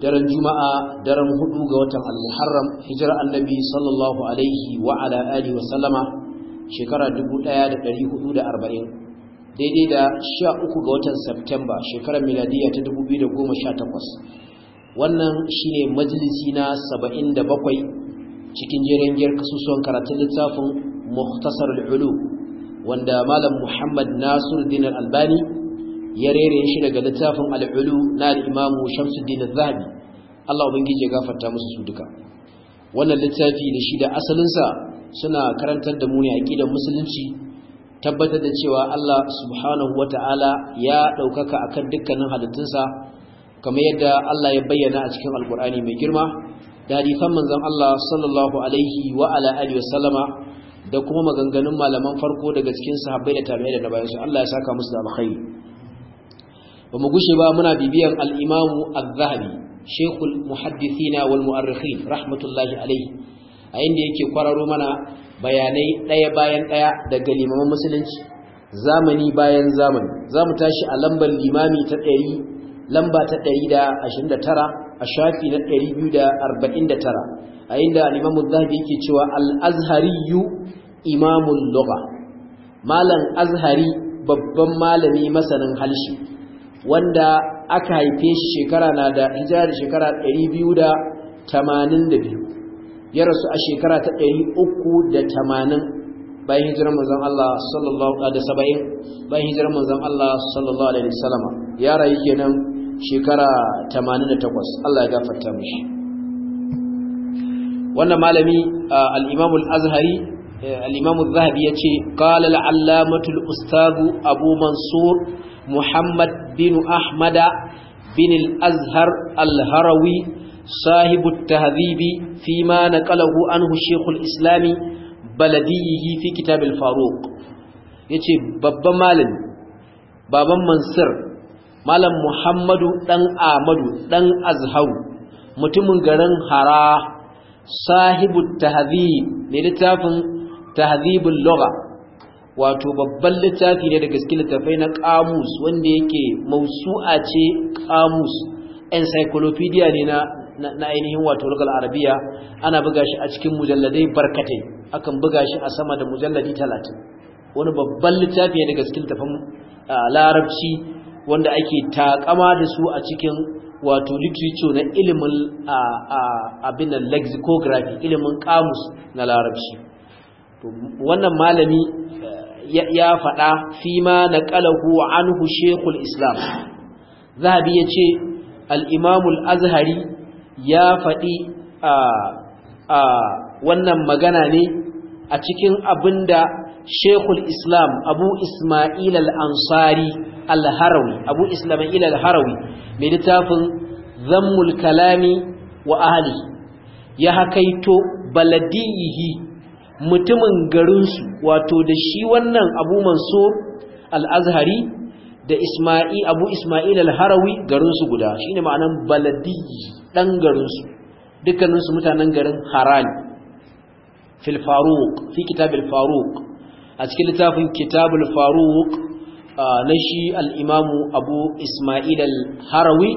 daren juma'a daren hudu ga watan al-muharram hijirar annabi sallallahu alaihi wa ala alihi wa sallama shekara 1440 daidai da 13 ga watan september shekarar miladiya ta 2018 wannan shine majalisi na 77 cikin jerin giyar kasusuwan karatun littafin muhtasar al wanda malam muhammad nasiruddin al-albani ya rere shi daga littafin al'ulu na al-imam Shamsuddin al-Zahabi Allah ubangiji ya gafarta musu su duka wannan littafi da shi da asalinsa suna karantar da mu ne musulunci tabbatar da cewa Allah subhanahu ta'ala ya a kan dukkanin halittunsa kamar yadda Allah ya bayyana a cikin alkur'ani mai girma da hadisan manzon Allah sallallahu alaihi wa ala alihi wa sallama da kuma maganganun malaman farko daga cikin sahabbai da tabi'ai da na bayansu Allah ya saka musu da alkhairi ba mu gushe ba muna bibiyan al'imamu al-zahabi shekul muhaddisina wal mu'arrikhin rahmatullahi alaihi a inda yake kwararo mana bayanai ɗaya bayan ɗaya daga limaman musulunci zamani bayan zamani za mu tashi a lambar limami ta ɗari lamba ta ɗari da ashirin da tara a shafi na ɗari biyu da arba'in da tara a inda limamun zahabi yake cewa al-azhariyu imamun lugha malam azhari babban malami masanin halshi wanda aka haife shi shekara na da hijira da shekara 282 ya rasu a shekara ta 380 bayan hijirar manzon Allah sallallahu alaihi wasallam bayan hijirar manzon Allah sallallahu alaihi wasallam ya rayu kenan shekara 88 Allah ya gafarta mishi wannan malami al-Imam al-Azhari eh, al-Imam al-Zahabi yace qala al-allamatu al-ustadh Abu Mansur محمد بن أحمد بن الأزهر الهروي صاحب التهذيب فيما نقله عنه الشيخ الإسلام بلديه في كتاب faruk. yace babban malin baban Mansir, malam muhammadu dan amadu dan azhau mutumin garin hara sahibu tahdhib ne littafin tahdhibul lugha wato babban littafi ne daga cikin littafai na kamus wanda yake mausu'a ce kamus encyclopedia ne na na ainihin wato lugal arabiya ana buga shi a cikin mujalladai barkatai akan buga shi a sama da mujalladi 30 wani babban littafi ne daga cikin tafin larabci wanda ake takama da su a cikin wato literature na ilimin abin lexicography ilimin kamus na larabci wannan malami ya faɗa fi ma na ƙalahu anhu shekul islam zahabi ya ce al'imamul azhari ya faɗi a wannan magana ne a cikin abin da shekul islam abu ismail al'ansari al-harawi abu ismail al-harawi mai littafin zammul kalami wa ahali ya hakaito baladiyihi mutumin garinsu wato da shi wannan abu mansur al-azhari da isma'i abu isma'il al-harawi garinsu guda ne ma'anan baladiyyi ɗan garinsu dukkaninsu mutanen garin Harani filfaruk fi kitab al a cikin littafin kitab al na shi al'imamu imamu abu isma'il al-harawi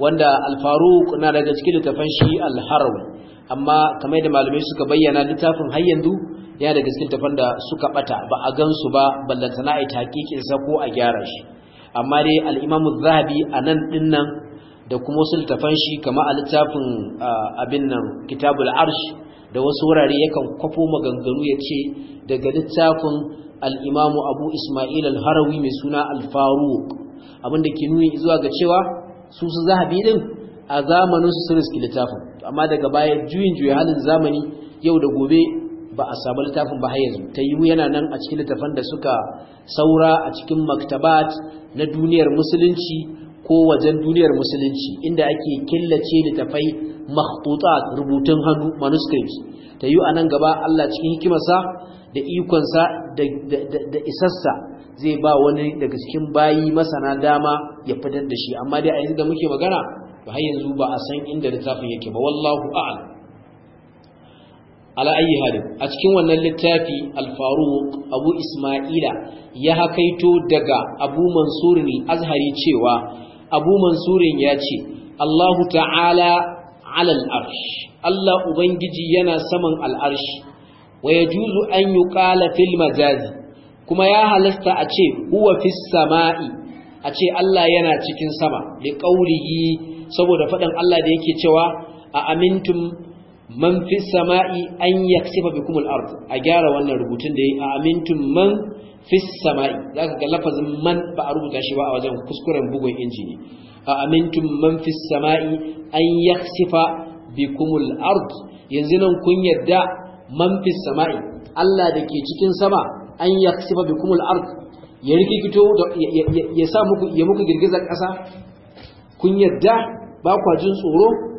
wanda alfaruk na daga cikin littafin shi al-harawi amma kamar da malamai suka bayyana littafin har yanzu ya daga cikin tafan da suka bata ba a gansu ba ballantana a hakikin sa ko a gyara shi amma dai alimamu zahabi a nan dinnan da kuma wasu littafan shi kama a littafin abin nan Kitabul Arsh da wasu wurare yakan kwafo maganganu ya ce daga littafin alimamu Abu Isma'il al-Harawi mai suna Al-Faruq abinda ke nuni zuwa ga cewa su su Zahabi din a zamanin su sun riski littafin amma daga baya juyin juya halin zamani yau da gobe ba a samu littafin ba har yanzu ta yiwu yana nan a cikin littafan da suka saura a cikin maktabat na duniyar musulunci ko wajen duniyar musulunci inda ake killace littafai makhtutat rubutun hannu manuscripts ta yiwu a nan gaba Allah cikin hikimarsa da ikonsa da, isassa zai ba wani daga cikin bayi masana dama ya fitar da shi amma dai a yanzu da muke magana ba har yanzu ba a san inda littafin yake ba wallahu a'lam ala ayi halin a cikin wannan littafi alfaruk abu isma'ila ya hakaito daga abu mansurin azhari cewa abu mansurin ya ce allahu ta'ala ala arsh allah ubangiji yana saman al-arsh wa yajuzu an yuqala fil majazi kuma ya halasta a ce huwa fis sama'i a ce allah yana cikin sama bi qawlihi saboda fadan allah da yake cewa a amintum man fi sama'i an yaksifa bi kumul ard a gyara wannan rubutun da yi a amintun man fi sama'i ka ga lafazin man ba a rubuta shi ba a wajen kuskuren bugun injini a amintun man fi sama'i an yaksifa bi kumul ard yanzu nan kun yadda man fi sama'i Allah da ke cikin sama an yaksifa bi kumul ard ya rikikito ya sa muku ya muku girgizar ƙasa kun yadda ba kwa jin tsoro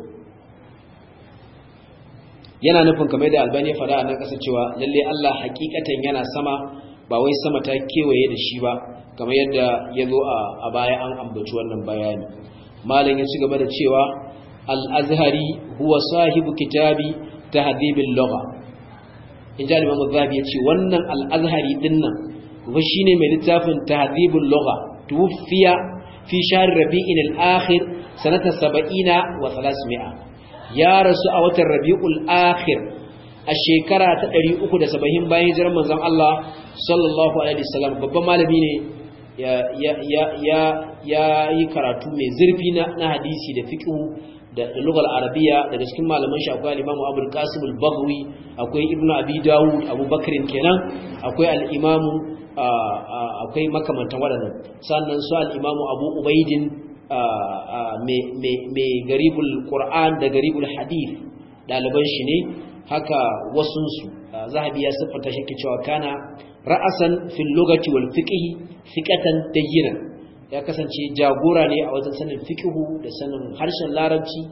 yana nufin kamar da albani ya faɗa a nan ƙasa cewa lalle Allah hakikatan yana sama ba wai sama ta kewaye da shi ba kamar yadda ya zo a baya an ambaci wannan bayani malam ya ci gaba da cewa al-azhari huwa sahibu kitabi tahdhibil lugha in ji al-imam ya ce wannan al-azhari din nan kuma shine mai littafin tahdhibul lugha tuwfiya fi shahr rabi'in al-akhir sanata 70 wa 300 ya rasu a watan rabi'ul akhir a shekara ta 370 bayan hijirar manzon Allah sallallahu alaihi wasallam babban malami ne ya yi karatu mai zurfi na hadisi da fiqh da lugal arabiya daga cikin malaman shi akwai al Abu al qasim al-baghawi akwai Ibn abi dawud abu bakrin kenan akwai al imam akwai makamantan wadannan sannan su al imam abu ubaidin mai garibul qur'an da garibul hadith ɗaliban shi ne haka wasunsu zahabi ya siffanta shi ke cewa kana ra'asan fil lokaci wal fiƙatan da ya kasance jagora ne a wajen sanin fiƙihu da sanin harshen larabci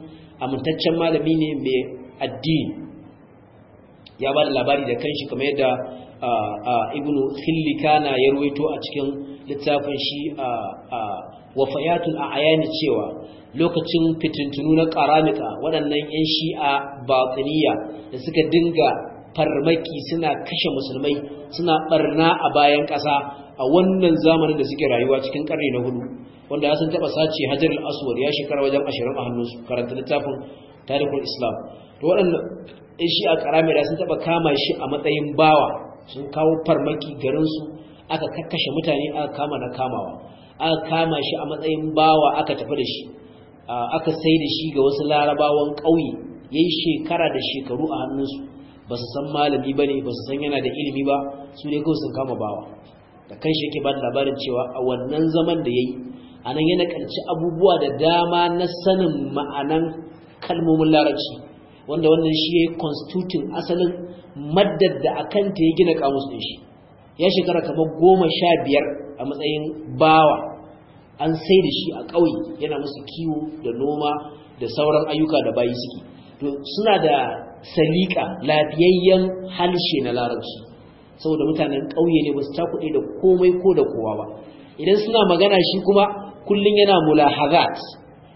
amintaccen malami ne mai addini ya ba da labari da kanshi kamar yadda ibnu khillikana ya ruwaito a cikin littafin shi a wa fayatul a'yani cewa lokacin fitintunu na qaramika waɗannan yan shi'a batiniya da suka dinga farmaki suna kashe musulmai suna barna a bayan ƙasa a wannan zamanin da suke rayuwa cikin ƙarni na hudu wanda ya san taɓa sace Hajar aswad ya shekara wajen ashirin a hannunsu karanta littafin tarihul islam to wadannan yan shi'a qaramika sun taɓa kama shi a matsayin bawa sun kawo farmaki garinsu aka kakkashe mutane aka kama na kamawa aka kama shi a matsayin bawa aka tafi da shi aka sai da shi ga wasu larabawan ƙauye ya yi shekara da shekaru a hannunsu ba su san malami ba ne ba su san yana da ilimi ba su ne kawai sun kama bawa da kan shi yake ba labarin cewa a wannan zaman da ya yi a nan ya nakalci abubuwa da dama na sanin ma'anan kalmomin larabci wanda wannan shi ya yi constituting asalin maddar da akan ta ya gina kamus ɗin shi ya shekara kamar goma sha biyar a matsayin bawa an sai da shi a ƙauye yana musu kiwo da noma da sauran ayyuka da bayi suke to suna da salika lafiyayyen halshe na larabci saboda mutanen ƙauye ne ba su kuɗi da komai ko da kowa ba idan suna magana shi kuma kullum yana mulahagat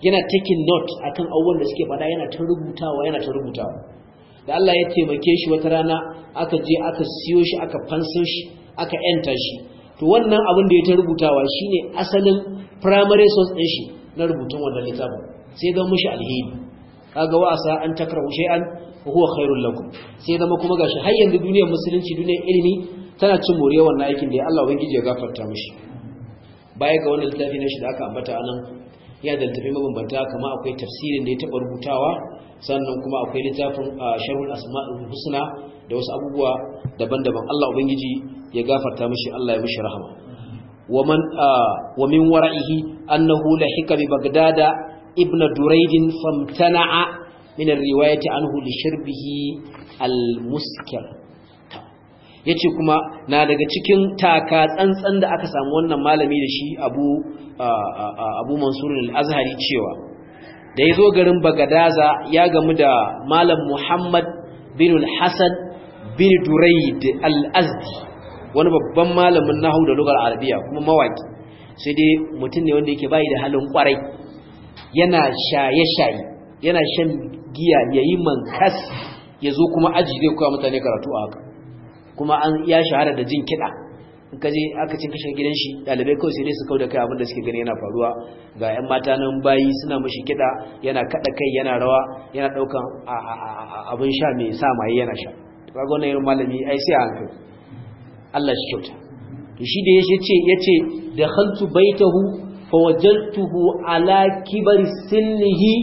yana taking note akan abubuwan da suke faɗa yana ta rubutawa yana ta rubutawa da Allah ya taimake shi wata rana aka je aka siyo shi aka fanso shi aka yanta shi to wannan abin da ya ta rubutawa shine asalin primary source din shi na rubutun wannan littafin sai zama mushi alheri kaga ga asa an takrahu shay'an an huwa khairul lakum sai zama kuma gashi har yanzu duniyar musulunci duniyar ilimi tana cin moriyar wannan aikin da ya Allah ubangiji ya gafarta mishi baya ga wannan littafi na shi da aka ambata anan ya da littafi mabambanta kama akwai tafsirin da ya taɓa rubutawa sannan kuma akwai littafin ah, sharhul asma'ul husna da wasu abubuwa daban-daban Allah ubangiji ya gafarta mishi Allah ya mishi rahama ومن آه ومن Bagdada, أنه لحق ببغداد ابن دريد فامتنع من الرواية shirbihi لشربه المسكر yace kuma na daga cikin taka tsantsan da aka samu wannan malami da shi Abu ah, ah, ah, Abu Mansur al-Azhari cewa da yazo garin Bagadaza ya gamu da malam Muhammad bin al-Hasan bin Duraid al-Azdi wani babban malamin nahu da lugar arabiya kuma mawaki sai dai mutum ne wanda yake bayi da halin kwarai yana shaye-shaye yana shan giya yayi mankas ya zo kuma aji zai koya mutane karatu a haka kuma an ya shahara da jin kiɗa in ka je aka cin kashe gidan shi ɗalibai kawai sai dai su kau da kai abin da suke gani yana faruwa ga 'yan mata nan bayi suna mashi kiɗa yana kaɗa kai yana rawa yana ɗaukan abin sha mai sa maye yana sha kaga wannan irin malami ai sai a hankali Allah shi kyauta to shi da yace ce yace khaltu baitahu fawajadtuhu ala kibari sinnihi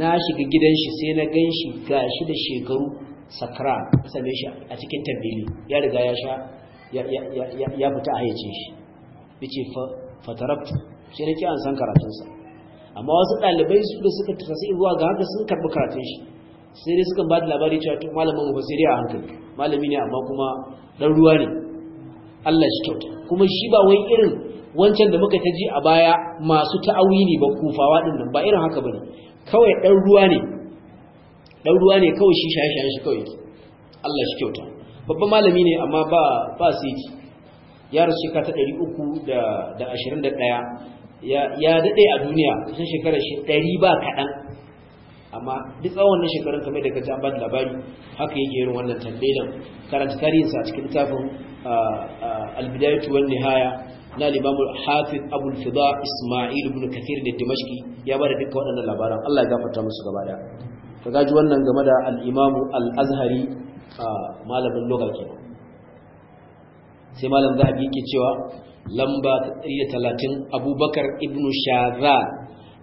na shiga gidan shi sai na ganshi gashi da shekaru sakra same shi a cikin tabbili ya riga ya sha ya fita a yace shi yace fatarabtu sai na ki an san karatunsa amma wasu ɗalibai su da suka tasiri zuwa ga haka sun karɓi karatun shi sai dai sukan ba da labari cewa to malamin mu ba sai dai a hankali malami ne amma kuma dan ruwa ne Allah shi kyauta kuma shi ba wai irin wancan da muka taji a baya masu ta'awili ba kufawa din nan ba irin haka bane kawai dan ruwa ne dan ruwa ne kawai shi shaye-shaye shi kawai Allah shi kyauta babban malami ne amma ba ba sai ya shekara ta 321 ya dade a duniya kusan shekarar shi 100 ba kadan amma duk tsawon wannan shekarun kamar da kaji an bada labari haka yake yin wannan tambayan karanta tarihinsa a cikin littafin al wani haya nihaya na al hafiz abul fida isma'il ibn kathir da dimashki ya bada dukkan waɗannan labaran Allah ya gafarta musu gaba da ka gaji wannan game da al-imam al malamin lokaci, sai malam zahabi yake cewa lamba talatin, abubakar Ibnu, shazan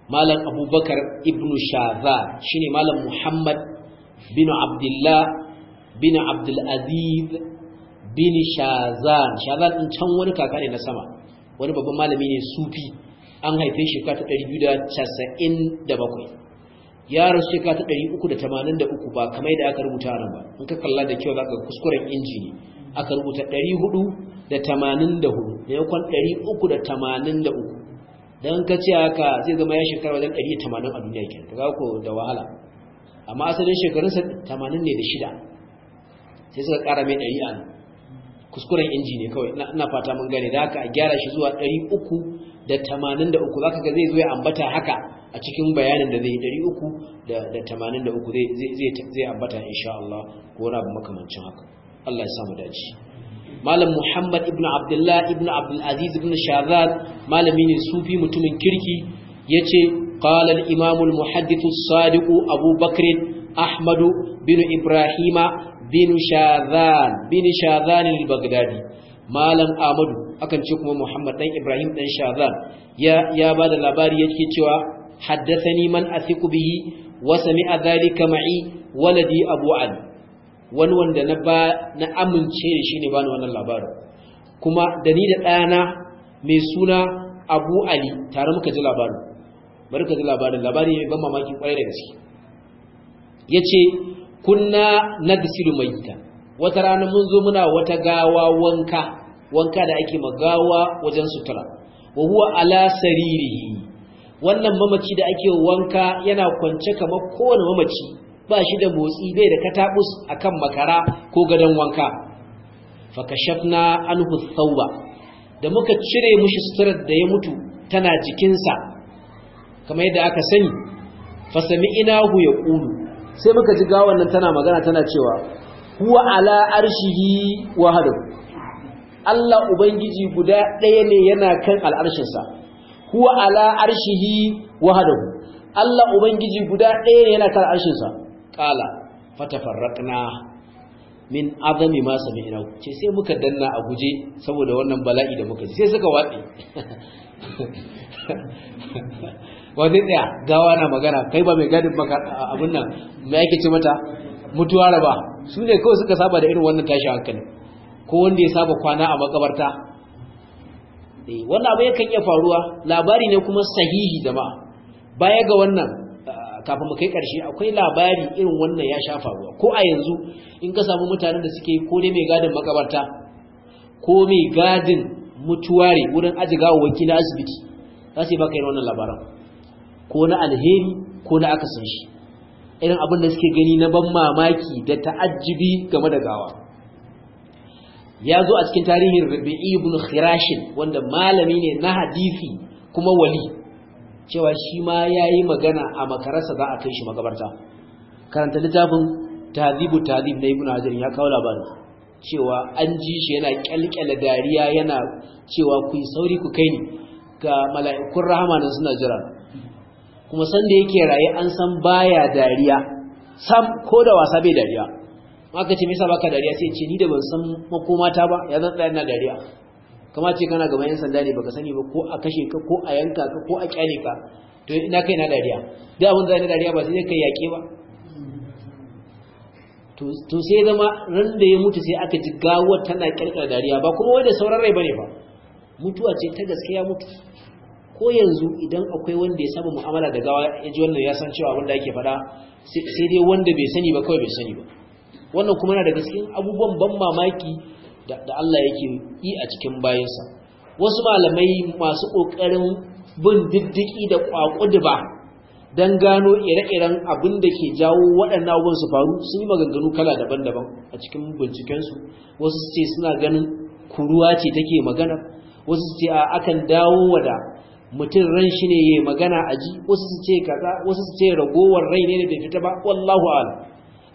malam abubakar ibn shaza shine malam muhammad bin abdullah bin abdulaziz bin shazan shazan din can wani kaka ne na sama wani babban malami ne sufi an haife shi shekara ta 297 ya rasu shekara ta 383 ba kamar da aka rubuta nan ba in ka kalla da kyau zaka kuskuren injini. aka rubuta 484 ne yakon 383 dan ka ce haka zai zama ya shekara wajen 180 a duniya ke kaga ko da wahala amma asalin shekarunsa 80 ne da shida sai suka kara mai 100 an kuskuren inji ne kawai ina fata mun gane da haka a gyara shi zuwa 300 da 83 zaka ga zai zo ya ambata haka a cikin bayanin da zai yi 300 da 83 zai zai zai ambata insha Allah ko rabu makamancin haka Allah ya samu dace malam muhammad ibn abdullah ibn abdulaziz ibn shazad malami ne sufi mutumin kirki ya ce ƙalar imamul muhadditu sadiku abubakrin ahmadu bin ibrahima bin shazan bin shazan al-baghdadi malam ahmadu akan ce kuma muhammad dan ibrahim dan shazan ya ya da labari yake cewa haddathani man athiqu bihi wa sami'a dhalika ma'i waladi abu wani wanda na ba na amince da shi ne bani wannan labarin kuma da ni da ɗana mai suna abu ali tare muka ji labarin bari ka ji labarin labari mai ban mamaki kwarai da gaske ya ce kunna na mai mayita wata rana mun zo muna wata gawa wanka wanka da ake magawa wajen sutura wa huwa ala saririhi wannan mamaci da ake wanka yana kwance kamar kowane mamaci ba shi da motsi bai da katabus akan makara ko gadon wanka fakashafna anhu thawba da muka cire mushi sutrar da ya mutu tana jikinsa kamar yadda aka sani fasami hu yaqulu sai muka ji ga nan tana magana tana cewa huwa ala arshihi wahadu Allah ubangiji guda ɗaya ne yana kan al'arshinsa huwa ala arshihi wahadu Allah ubangiji guda ɗaya ne yana kan al'arshinsa qala fatafarraqna min azami ma sami ina ce sai muka danna a guje saboda wannan bala'i da muka ji sai suka waɗe. wani ɗaya gawa na magana kai ba mai gadin baka abin nan mai ake ce mata mutuwa raba su ne kawai suka saba da irin wannan tashi hankali ko wanda ya saba kwana a makabarta eh, wannan abu yakan iya faruwa labari ne kuma sahihi jama'a baya ga wannan kafin mu kai ƙarshe akwai labari irin wannan ya sha faruwa ko a yanzu in ka samu mutanen da suke ko dai mai gadin makabarta ko mai gadin mutuware wurin aji gawawaki na asibiti za su yi baka irin wannan labaran ko na alheri ko na san shi irin abin da suke gani na ban mamaki da ta'ajjibi game da gawa ya zo a cikin tarihin rabi'i ibn khirashin wanda malami ne na hadisi kuma wali cewa shi ma ya yi magana a makararsa za a kai shi makabarta karanta littafin tazibu tazib na ibn hajjari ya kawo labarin cewa an ji shi yana kyalkyala dariya yana cewa ku yi sauri ku kai ni ga mala'ikun rahamanin suna jira kuma sanda yake raye an san baya dariya sam ko da wasa bai dariya maka ce me yasa baka dariya sai ce ni da ban san makomata ba ya zan tsaya ina dariya kama ce kana gaban yan sanda ne baka sani ba ko a kashe ka ko a yanka ka ko a kyale ka to ina kai na dariya da abin zai na dariya ba sai kai yaƙe ba to sai zama ran da ya mutu sai aka ji gawar tana kirkar dariya ba kuma wanda sauran rai bane ba mutuwa ce ta gaskiya mutu ko yanzu idan akwai wanda ya saba mu'amala da gawa ya ji wannan ya san cewa abin da ake faɗa sai dai wanda bai sani ba kawai bai sani ba wannan kuma yana daga cikin abubuwan ban mamaki da Allah yake yi a cikin bayansa wasu malamai masu ƙoƙarin bin diddiki da ƙwaƙuduba don gano ire-iren abin da ke jawo waɗannan abubuwan su faru sun yi maganganu kala daban-daban a cikin bincikensu wasu ce suna ganin kuruwa ce take magana wasu ce a akan dawo wa da mutum ran shi ne yayi magana a ji wasu su ce kaza wasu ce ragowar rai ne da bai fita ba wallahu a'lam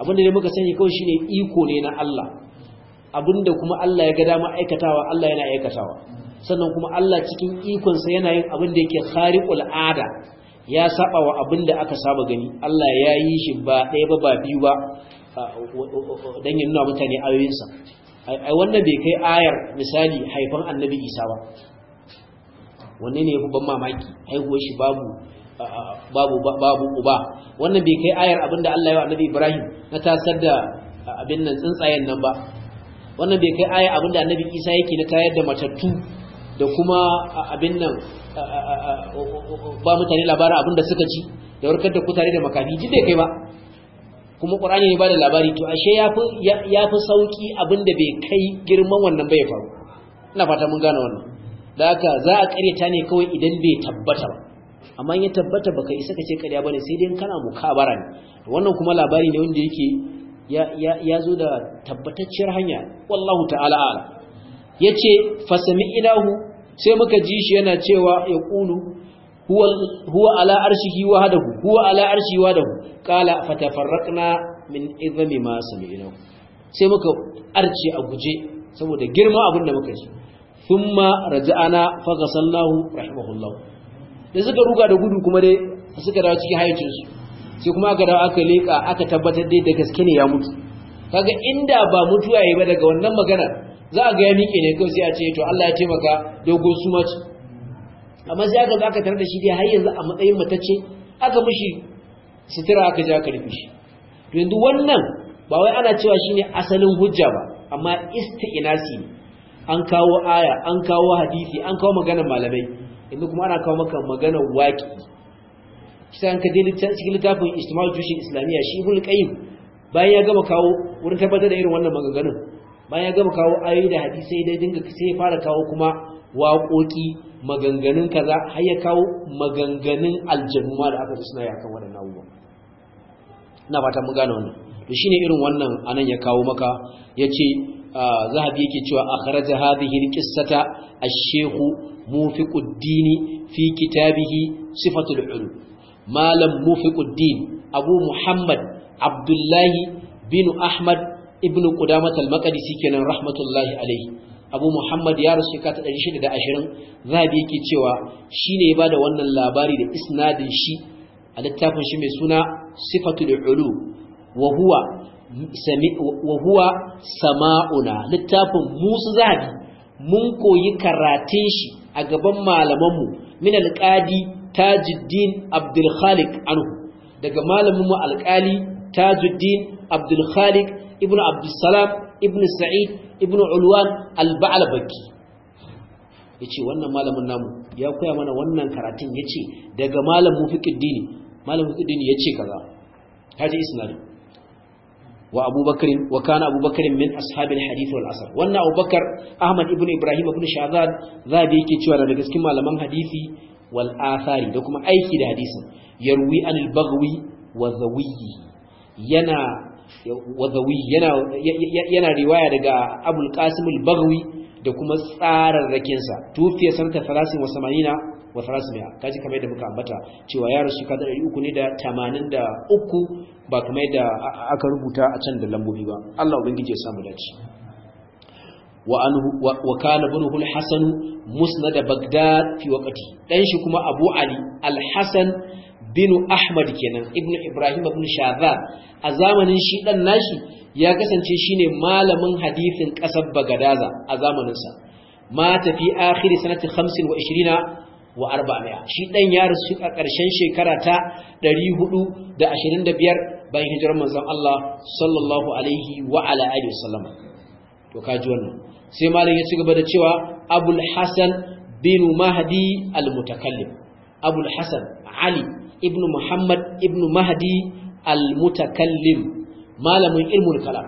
abin da muka sani kawai shine iko ne na Allah abinda kuma Allah ya ga dama aikatawa Allah yana aikatawa sannan kuma Allah cikin ikonsa yana yin abin da yake khariqul ada ya saba wa abin da aka saba gani Allah ya yi shi ba ɗaya ba ba biyu ba don ya nuna mutane ayoyinsa ai wannan bai kai ayar misali haifan annabi Isa ba wanne ne yafi ban mamaki haihuwar shi babu babu babu uba wannan bai kai ayar abinda Allah ya wa annabi Ibrahim na tasar da abin nan tsuntsayen nan ba wannan bai kai aya abinda annabi isa yake na tayar da matattu da kuma abin nan ba mutane labarin abinda suka ci da warkar da kutare da makafi ji bai kai ba kuma qur'ani ne ba da labari to ashe yafi yafi sauki abinda bai kai girman wannan bai faru ina fata mun gane wannan da haka za a karyata ne kawai idan bai tabbata ba amma ya tabbata baka isa kace karya bane sai dai kana mukabara ne wannan kuma labari ne wanda yake ya zo da tabbatacciyar hanya wallahu ta'ala ala ya ce fasami ilahu sai muka ji shi yana cewa ya ƙunu, huwa ala arshihi wa hadahu huwa ala arshihi wa hadahu kala fatafarraqna min izami ma ilahu sai muka arce a guje saboda girma abin da muka ji thumma raja'ana fa ghasallahu rahimahullahu da suka ruga da gudu kuma dai suka dawo cikin hayyacinsu sai kuma aka dawo aka leƙa aka tabbatar dai da gaske ne ya mutu kaga inda ba mutuwa yayi ba daga wannan magana za ga ya miƙe ne kawai sai a ce to Allah ya taimaka dogon su mace amma sai aka zaka tare da shi dai har yanzu a matsayin matace aka mishi sutura aka ja aka rufe shi to yanzu wannan ba wai ana cewa shine asalin hujja ba amma isti'nasi an kawo aya an kawo hadisi an kawo maganar malamai yanzu kuma ana kawo maka maganar waƙi shi an ka cikin littafin istimal jushin islamiyya shi ibn qayyim bayan ya gama kawo wurin tabbatar da irin wannan maganganun bayan ya gama kawo ayoyi da hadisi dai dinga sai ya fara kawo kuma waƙoƙi maganganun kaza har ya kawo maganganun aljannuma a da aka ji suna yakan waɗannan abubuwa ina ta mun gane wannan to shine irin wannan anan ya kawo maka yace zahabi yake cewa akhraja hadhihi alqissata ash-shaykh mufiquddin fi kitabihi sifatul ulum malam mufiquddin abu muhammad abdullahi bin ahmad ibnu qudamah al-maqdisi kenan rahmatullahi alaihi abu muhammad ya rasu shekara ta 620 zahabi yake cewa shine ya bada wannan labari da isnadin shi a littafin shi mai suna sifatul ulu wa huwa wa huwa sama'una littafin musu zahabi mun koyi karatun shi a gaban malamanmu min alqadi tajuddin abdul khaliq anhu daga malamin mu alƙali tajuddin abdul khaliq ibn abdussalam ibn sa'id ibn ulwan al-ba'labaki yace wannan malamin namu ya koya mana wannan karatun yace daga malamin mufiqiddini malamin mufiqiddini yace kaza haji isnadi wa abubakar wa kana abubakar min ashabil hadith wal asr wannan abubakar ahmad ibn ibrahim ibn shazad zabi yake cewa daga cikin malaman hadisi wal athari da kuma aiki da hadisin yarwi anil baghwi wa zawiyi yana wa zawiyi yana yana riwaya daga abul qasim al baghwi da kuma tsararrakin sa tufiya santa farasin wa wa salasmiya kaji kamar yadda muka ambata cewa ya rasu ka dari uku ne da tamanin da uku ba kamar yadda aka rubuta a can da lambobi ba Allah ubangiji ya samu dace wa kana bunuhu al-hasan musnad bagdad fi waqti dan shi kuma abu ali al-hasan bin ahmad kenan ibnu ibrahim ibn shadha a zamanin shi dan nashi ya kasance shine malamin hadisin kasar bagadaza a zamanin sa mata fi akhir sanati 25 wa arba'amiya shi ɗan ya rasu a ƙarshen shekara ta 425 bayan hijirar manzon Allah sallallahu alaihi wa ala alihi wasallama to kaji wannan sai malam ya ci gaba da cewa abul hasan bin mahdi al-mutakallim abul hasan ali ibnu muhammad ibnu mahdi al-mutakallim malamin ilmul kalam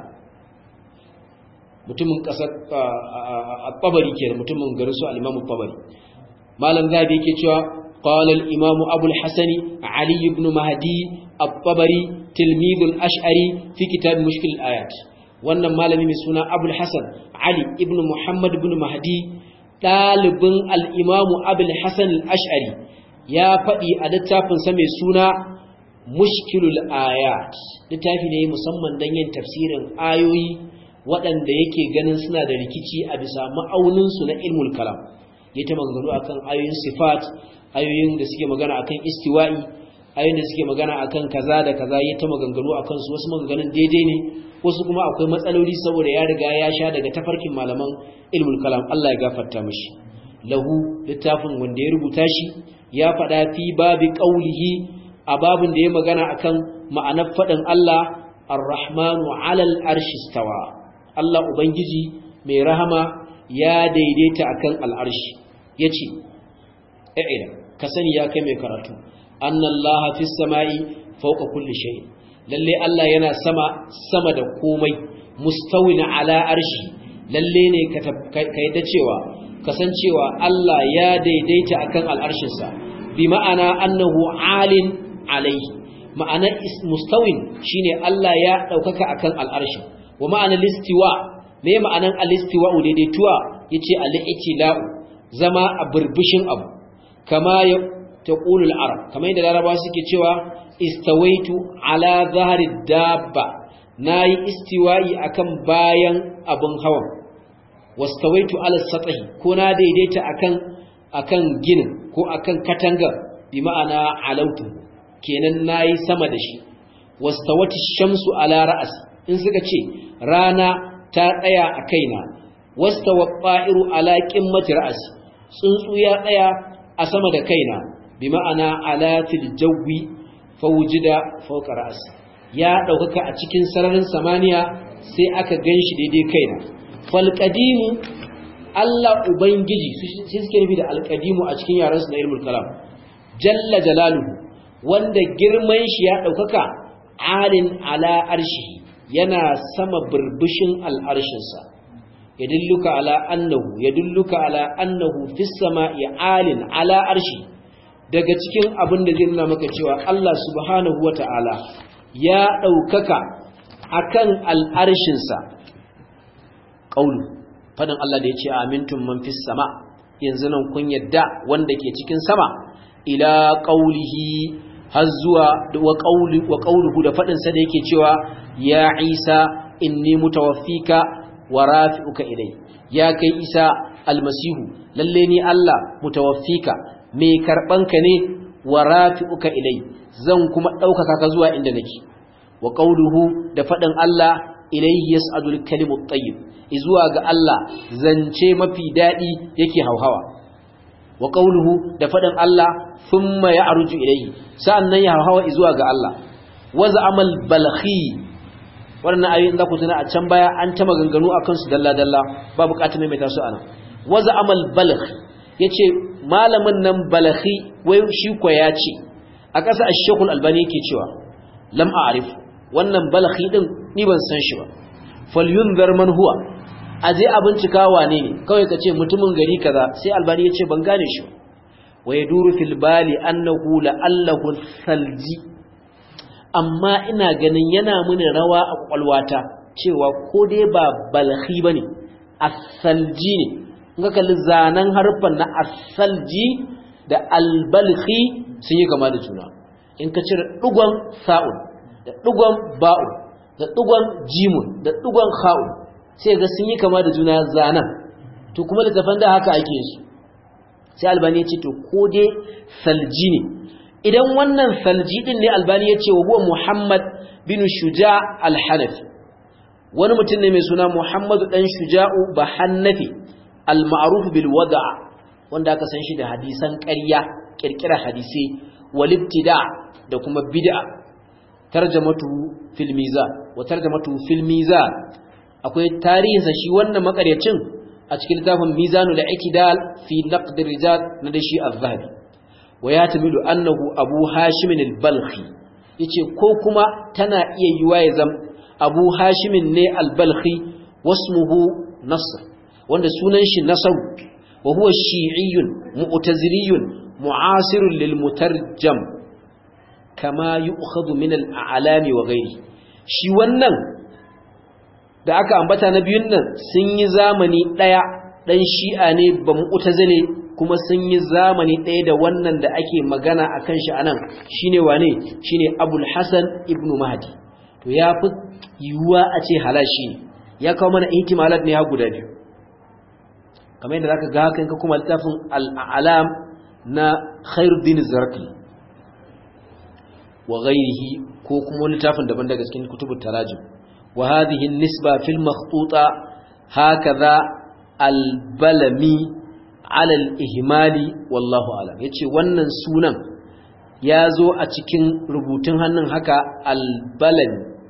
mutumin kasar at-tabari kenan mutumin garin su al-imam at-tabari malam zabi yake cewa قال الإمام أبو الحسن علي بن مهدي الطبري تلميذ الأشعري في كتاب مشكل Ayat. wannan malami mai suna abul hassan ali ibn muhammad ibn mahdi ɗalibin al'imamu abul hassan al'ash'ari ya faɗi a littafinsa mai suna mushkilul Aya. littafi ne musamman don yin tafsirin ayoyi waɗanda yake ganin suna da rikici a bisa ma'auninsu na ilmul kalam ya ta maganganu akan ayoyin sifat ayoyin da suke magana akan istiwa'i ayoyin da suke magana akan kaza da kaza yi ta maganganu akan su wasu maganganun daidai ne wasu kuma akwai matsaloli saboda ya riga ya sha daga tafarkin malaman ilmul kalam Allah ya gafarta mishi lahu littafin wanda ya rubuta shi ya faɗa fi babi qaulihi a babin da ya magana akan ma'anar faɗin Allah ar-rahmanu 'alal arshi Allah ubangiji mai rahama ya daidaita akan al'arshi yace a'ida ka sani ya kai mai karatu anna allaha fis samai fawqa kulli shay lalle Allah yana sama sama da komai mustawin ala arshi lalle ne ka yadda cewa kasancewa Allah ya daidaita akan al'arshinsa bi ma'ana annahu alin alai. ma'ana mustawin shine Allah ya daukaka akan al'arshi wa ma'ana listiwa me ma'anan alistiwa daidaituwa yace al-itila'u zama a burbushin abu kama taqulul arab kamar yadda laraba suke cewa istawaitu ala zahri dabba nayi istiwa'i akan bayan abun hawan wastawaitu ala satahi ko na daidaita akan akan ginin ko akan katangar bi ma'ana alautu kenan nayi sama da shi wastawati shamsu ala ra'si in suka ce rana ta tsaya a kaina wastawa ta'iru ala qimmati ra'si tsuntsu ya tsaya a sama da kaina bi ma'ana alatil jawi Faujida fawqa ya ɗaukaka a cikin sararin samaniya sai aka ganshi daidai kaina fal Allah ubangiji shi suke nufi da alqadimu a cikin yaran su na ilmul kalam jalla jalaluhu wanda girman shi ya ɗaukaka alin ala arshi yana sama burbushin al'arshinsa ya dilluka ala annahu ya ala annahu fis sama'i alin ala arshi daga cikin abin da zai nuna maka cewa Allah subhanahu wa Ta'ala ya ɗaukaka akan al'arshinsa ƙaunu faɗin Allah da ya ce amintun man fis sama yanzu nan kun yadda wanda ke cikin sama ila ƙaunihi har zuwa wa ƙaunuhu da faɗinsa da yake cewa ya isa inni mutawaffika wa rafi'uka ilai ya kai isa almasihu lalle ni Allah mutawaffika mai ka ne wa uka ilai zan kuma ɗaukaka ka zuwa inda nake wa da faɗin Allah ilai yas'adul kalimut tayyib zuwa ga Allah zance mafi daɗi yake hauhawa wa da faɗin Allah thumma ya'ruju Sa'an sa'annan ya hauhawa zuwa ga Allah wa za'amal balhi waɗannan ayoyin za ku tuna a can baya an ta maganganu a kansu dalla-dalla ba buƙatar mai su a nan amal ya ce malamin nan balaghi wai shi kwa ya ce a ƙasa a albani ke cewa lam a arif wannan balaghi ɗin ni ban san shi ba falyun garman huwa a je a bincika wane ne kawai ka ce mutumin gari kaza sai albani ya ce ban gane shi wa ya duru an na hula allahun salji amma ina ganin yana mini rawa a kwalwata cewa ko dai ba balaghi a asalji ne in ka kalli zanen harfan na asalji da albalhi sun yi kama da juna in ka cire ɗigon sa'un da ɗigon ba'un da ɗigon jimun da ɗigon ha'un sai ga sun yi kama da juna zanen to kuma littafan da haka ake su sai albani ya ce to ko dai salji ne idan wannan salji din ne albani ya ce wa huwa muhammad bin shuja al-hanafi wani mutum ne mai suna muhammadu dan shuja'u ba hannafi al-ma'ruf bil wada' wanda aka san shi da hadisan ƙarya kirkira hadisi wal ibtida da kuma bid'a tarjamatu fil mizan wa tarjamatu fil mizan akwai tarihinsa shi wannan makaryacin a cikin littafin mizanul i'tidal fi naqd rijal na da shi az-zahabi wa yatamilu annahu abu hashim al-balkhi yace ko kuma tana iya yiwa ya zam abu hashim ne al-balkhi wasmuhu nasr wanda sunan shi nasaru wa huwa shi'iyyun mu'taziliyyun mu'asirun lil mutarjam kama yu'khadhu min al a'lami wa ghairi shi wannan da aka ambata na biyun nan sun yi zamani daya dan shi'a ne ba mu'tazili kuma sun yi zamani ɗaya da wannan da ake magana a kan shi a nan shi ne wane shi ne abulhassan ibn mahdi to ya fi yiwuwa a ce halashi ya kawo mana ihtimalat ne ha guda biyu kamar yadda zaka ga hakan ka kuma littafin al-alam na khairuddin zarqi wa ghairihi ko kuma littafin daban daga cikin kutubut tarajim wa hadhihi an-nisba fil makhtuta hakaza al-balami ala al-ihmali wallahu alam yace wannan sunan ya zo a cikin rubutun hannun haka al-balami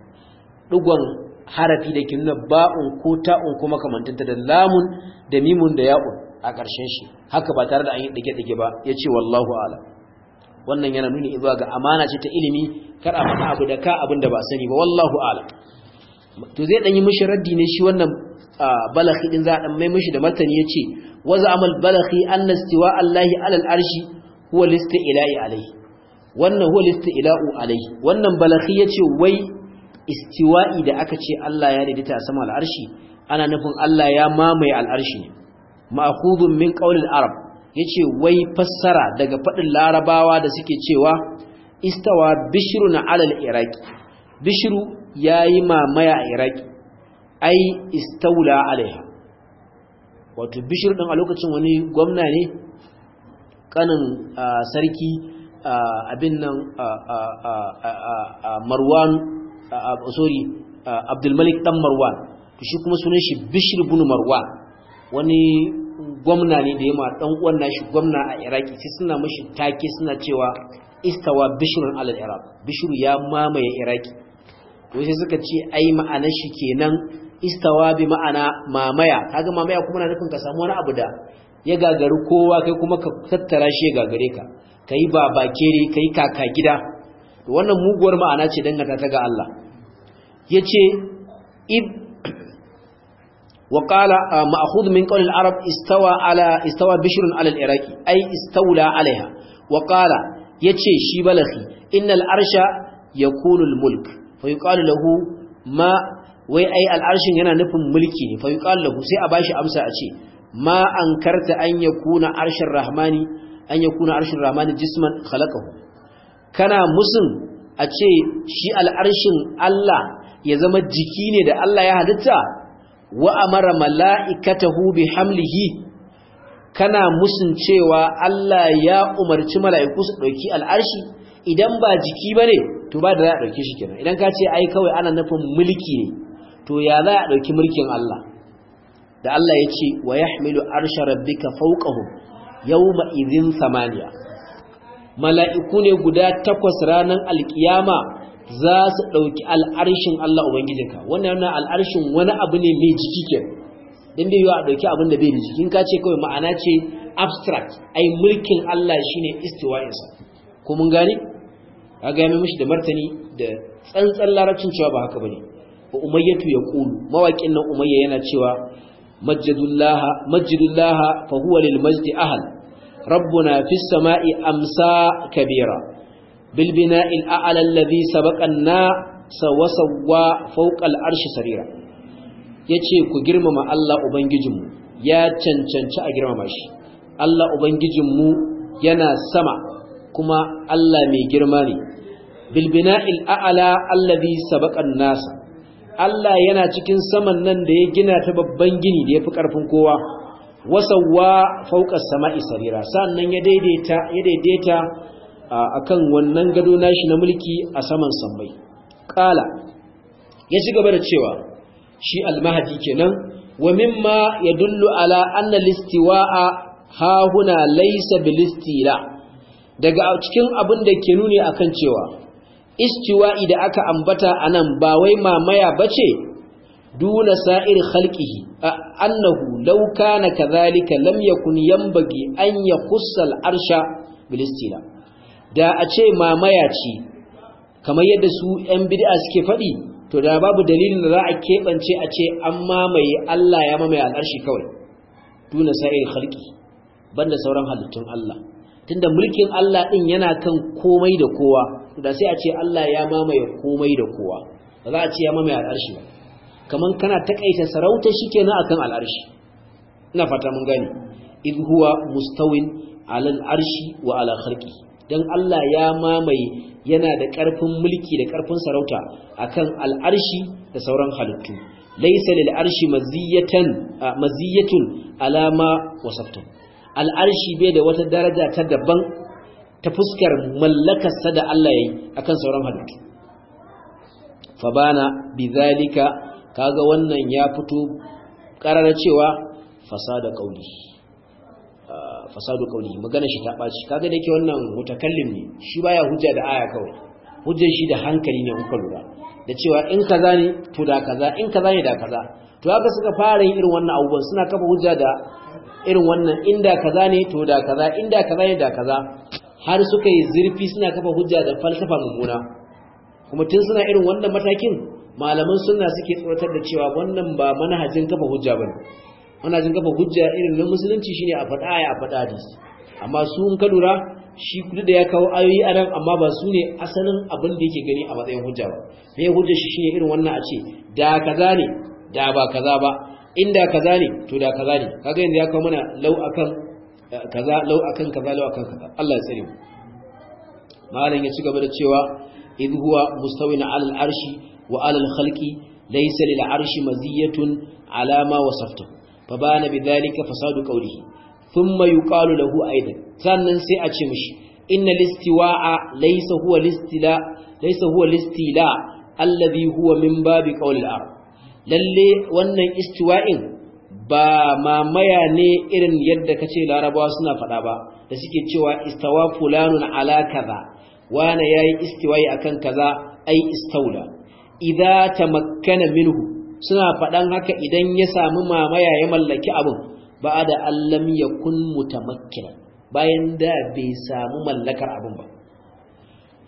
dugon harafi da ke nuna ba'un ko ta'un ko makamantanta da lamun da mimun da ya'un a ƙarshen shi haka ba tare da an yi ɗage-ɗage ba ya ce wallahu ala wannan yana nuni zuwa ga amana ce ta ilimi kar a faɗa abu da ka abin da ba sani ba wallahu ala to zai ɗanyi mishi raddi ne shi wannan balaghi din za a mai mishi da martani ya ce waza amal balaghi an istiwa allahi alal arshi huwa lista ila'i alai wannan huwa lista ila'u alai wannan balaghi ya ce wai istiwa'i da aka ce Allah ya daidaita a sama al'arshi ana nufin Allah ya mamaye al'arshi ne ma'khudun min qaulil arab yace wai fassara daga faɗin larabawa da suke cewa istawa bishrun alal iraqi bishru yayi mamaya a iraqi ai istaula alaiha wato Bishru ɗin a lokacin wani gwamna ne kanin ah, sarki ah, abin nan ah, marwan sorry abdulmalik dan marwan to shi kuma sunan shi bishir bin marwan wani gwamna ne da ya ma dan uwan nashi gwamna a iraki sai suna mashi take suna cewa istawa bishrun alal iraq bishr ya mamaye iraki to sai suka ce ai ma'anar shi kenan istawa bi ma'ana mamaya kaga mamaya kuma na nufin ka samu wani abu da ya gagari kowa kai kuma ka tattara shi ya gagare ka kai baba kai kaka gida wannan muguwar ma'ana ce dangata ta ga Allah ya ce ib wa ƙala ah, ma'ahud min ƙaunin arab istawa bishirun alal iraki ai istaula alaiha wa ƙala ya ce shi balafi inna arsha ya kunul mulk fa ƙalu lahu ma wai ai al'arshin yana nufin mulki ne fa ƙalu lahu sai a bashi amsa a ce ma an karta an ya kuna arshin rahmani an ya kuna arshin rahmani jisman khalaqahu kana musun a ce shi al'arshin Allah ya zama jiki ne da Allah ya halitta wa amara mala'ikatahu bi hamlihi kana musun cewa Allah ya umarci mala'iku su ɗauki al'arshi idan ba jiki ba ne to ba da za a ɗauki shi kenan idan ka ce ai kawai ana nufin mulki ne to ya za a ɗauki mulkin Allah da Allah ya ce wa ya hamilu arsha rabbika fauƙahu yau ma’izin samaniya mala'iku ne guda takwas ranar alkiyama za su ɗauki al'arshin Allah Ubangijinka wannan yana al'arshin wani abu ne mai jiki ke don bai a ɗauki abin da bai da jikin ka ce kawai ma'ana ce abstract ai mulkin Allah shi ne istiwa'insa ko mun gani a yi mashi da martani da tsantsan larabcin cewa ba haka ba ne ba umayyatu ya ƙulu mawaƙin nan umayya yana cewa majidullaha fa huwa lil majdi ahal rabbuna fis sama'i amsa kabira bil bina'il a'la alladhi sabaqanna sawasawwa fawqa al'arshi sarira yace ku girmama Allah ubangijinmu ya cancanci a girmama shi Allah ubangijinmu yana sama kuma Allah mai girma ne bil bina'il a'la alladhi sabaqan Allah yana cikin saman nan da ya gina ta babban gini da yafi ƙarfin kowa wasawwa fawqa sama'i sarira sannan ya daidaita ya daidaita akan wannan gado nashi na mulki a saman sambai kala ya ci gaba da cewa shi al-mahdi kenan wa mimma yadullu ala anna listiwa'a ha huna laysa bil daga cikin abin da ke nuni akan cewa istiwa'i da aka ambata anan ba wai mamaya bace sa'ir khalqihi annahu law kana kadhalika lam yakun يكن an أن يخص arsha بالاستيلاء da a ce mamaya ce kamar yadda su 'yan bid'a suke faɗi to da babu dalilin da za a keɓance a ce an mamaye Allah ya mamaye al'arshi kawai tuna sa’ir halki banda sauran halittun Allah tunda mulkin Allah ɗin yana kan komai da kowa da sai a ce Allah ya mamaye komai da kowa da za a ce ya mamaye al'arshi ba kamar kana takaita sarauta na akan al'arshi ina fata mun gani. huwa mustawin ala wa ala don Allah ya mamaye yana da ƙarfin mulki da ƙarfin sarauta akan al'arshi da sauran halittu laisa lil arshi maziyatan alama wasafta al'arshi bai da wata daraja ta daban ta fuskar mallakarsa da Allah yayi akan sauran halittu fabana bana ka kaga wannan ya fito ƙarar cewa fasada qauli fasadu kauli magana shi ta ɓaci kaga da ke wannan mutakallim ne shi baya hujja da aya kawai hujjar shi da hankali ne kuka lura da cewa in kaza ne to da kaza in kaza ne da kaza to haka suka fara yin irin wannan abubuwan suna kafa hujja da irin wannan inda kaza ne to da kaza inda kaza ne da kaza har suka yi zurfi suna kafa hujja da falsafa mummuna kuma tun suna irin wannan matakin malaman sunna suke tsoratar da cewa wannan ba manhajin kafa hujja bane ana jin kafa hujja irin na musulunci shi ne a faɗa ya a faɗa hadisi amma su in ka lura shi kudu da ya kawo ayoyi a nan amma ba su ne asalin abin da yake gani a matsayin hujja ba me hujja shi shine irin wannan a ce da kaza ne da ba kaza ba inda kaza ne to da kaza ne kaga yanzu ya kawo mana lau akan eh, kaza lau akan kaza lau akan kaza Allah ya tsare mu malam ya ci gaba da cewa idh huwa mustawin ala al-arshi wa ala al-khalqi laysa lil arshi maziyatun ala ma bi bana bidhalika fasadu qawlihi thumma yuqalu lahu aidan sannan sai a ce mishi inna listiwa'a laysa huwa listila laysa huwa listila alladhi huwa min babi qawl arab lalle wannan istiwa'in ba mamaya ne irin yadda kace larabawa suna faɗa ba da suke cewa istawa fulanun ala kaza wana yayi istiwa'i akan kaza ai istawla idza tamakkana minhu suna faɗan haka idan ya samu mamaya ya mallaki abin ba da allam ya kun mutamakkina bayan da bai samu mallakar abin ba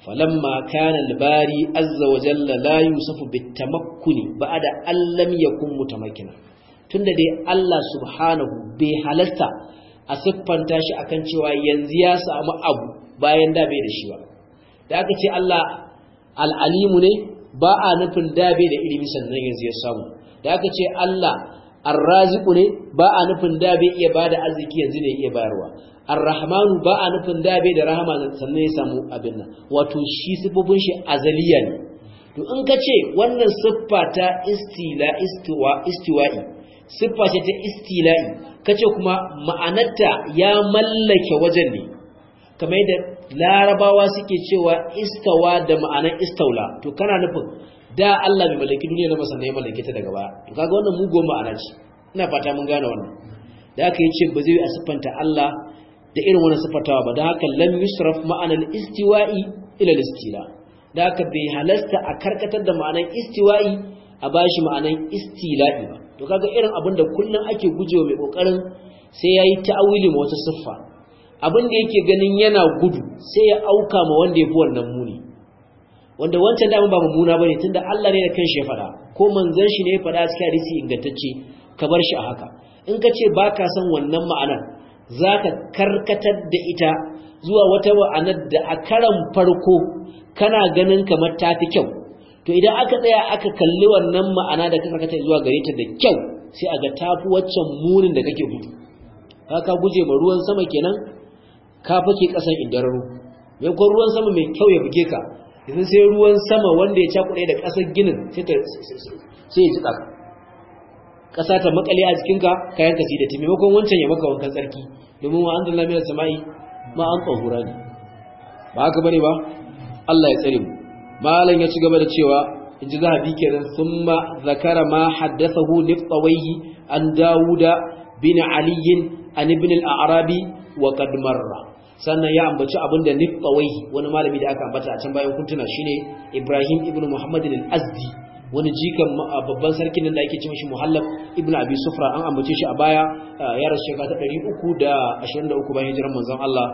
falamma kana albari azza wa jalla la yusafu bitamakkuni ba da allam ya kun mutamakkina tunda dai Allah subhanahu bai halatta a siffanta shi akan cewa yanzu ya samu abu bayan da bai da shi ba da aka ce Allah al'alimu ne ba a nufin dabe da ilimi sannan yanzu ya samu da aka ce Allah arraziku ne ba a nufin dabe iya ba da arziki yanzu ne iya bayarwa arrahmanu ba a nufin dabe da rahama sannan ya samu abin nan wato shi sifofin shi azaliya ne to in ka ce wannan siffa ta istila istiwa istiwa'i siffa ce ta istila'i kace kuma ma'anarta ya mallake wajen ne kamar yadda larabawa suke cewa istawa da ma'anar istaula to kana nufin da Allah bai duniya na masana ya ta daga baya to kaga wannan mugun ma'ana ce ina fata mun gane wannan da aka yi ce ba zai a siffanta Allah da irin wannan siffatawa ba Dan haka lam yusraf ma'anar istiwa'i ila istila da haka bai halasta a karkatar da ma'anar istiwa'i a bashi ma'anar istila'i ba to kaga irin abin da kullun ake gujewa mai kokarin sai yayi ta'awili ma wata siffa abin da yake ganin yana gudu sai ya auka ma wanda ya fi wannan muni wanda wancan damar ba mummuna ne tunda Allah ne da kanshi ya fada ko manzan shi ne ya faɗa cikin hadisi ingantacce ka bar shi a haka in ka ce ba ka san wannan ma'anar za ka karkatar da ita zuwa wata ma'anar da a karan farko kana ganin kamar ta fi kyau to idan aka tsaya aka kalli wannan ma'ana da ka karkatar zuwa gare ta da kyau sai a ga tafi waccan munin da kake gudu haka guje ma ruwan sama kenan ka fake kasan indararo yankon ruwan sama mai kyau ya buge ka yanzu sai ruwan sama wanda ya cakuɗe da ƙasar ginin sai ya ji ƙasa ta makale a jikinka kayan ka da ta maimakon wancan ya maka wankan tsarki domin wa an zalla sama'i ma an tsohura ne ba haka bane ba Allah ya tsare mu malam ya ci gaba da cewa in ji zahabi kenan summa zakara ma haddathahu liftawayhi an dawuda bin aliyin an ibn al-arabi wa qad sannan ya ambaci abin da nifawai wani malami da aka ambata a can bayan kuntuna shine ibrahim ibn muhammadin al-azdi wani jikan babban sarkin nan da ake ce mishi muhallab ibn abi sufra an ambace shi a baya ya rasu shekara ta 323 bayan hijiran manzon Allah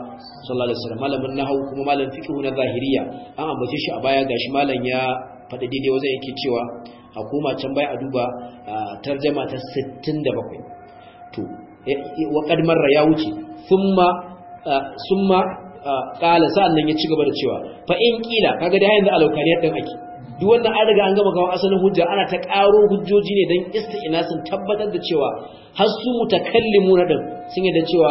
sallallahu alaihi wasallam malamin nahwu kuma malamin fiqh na zahiriya an ambace shi a baya gashi malam ya faɗi daidai wajen yake cewa a koma can baya a duba tarjama ta 67 to wa qad marra ya wuce thumma summa qala sa'annan ya ci gaba da cewa fa in qila kaga dai yanzu alaukaniyar din ake duk wanda an riga an gama kawo asalin hujja ana ta karo hujjoji ne dan sun tabbatar da cewa har su na din sun yadda cewa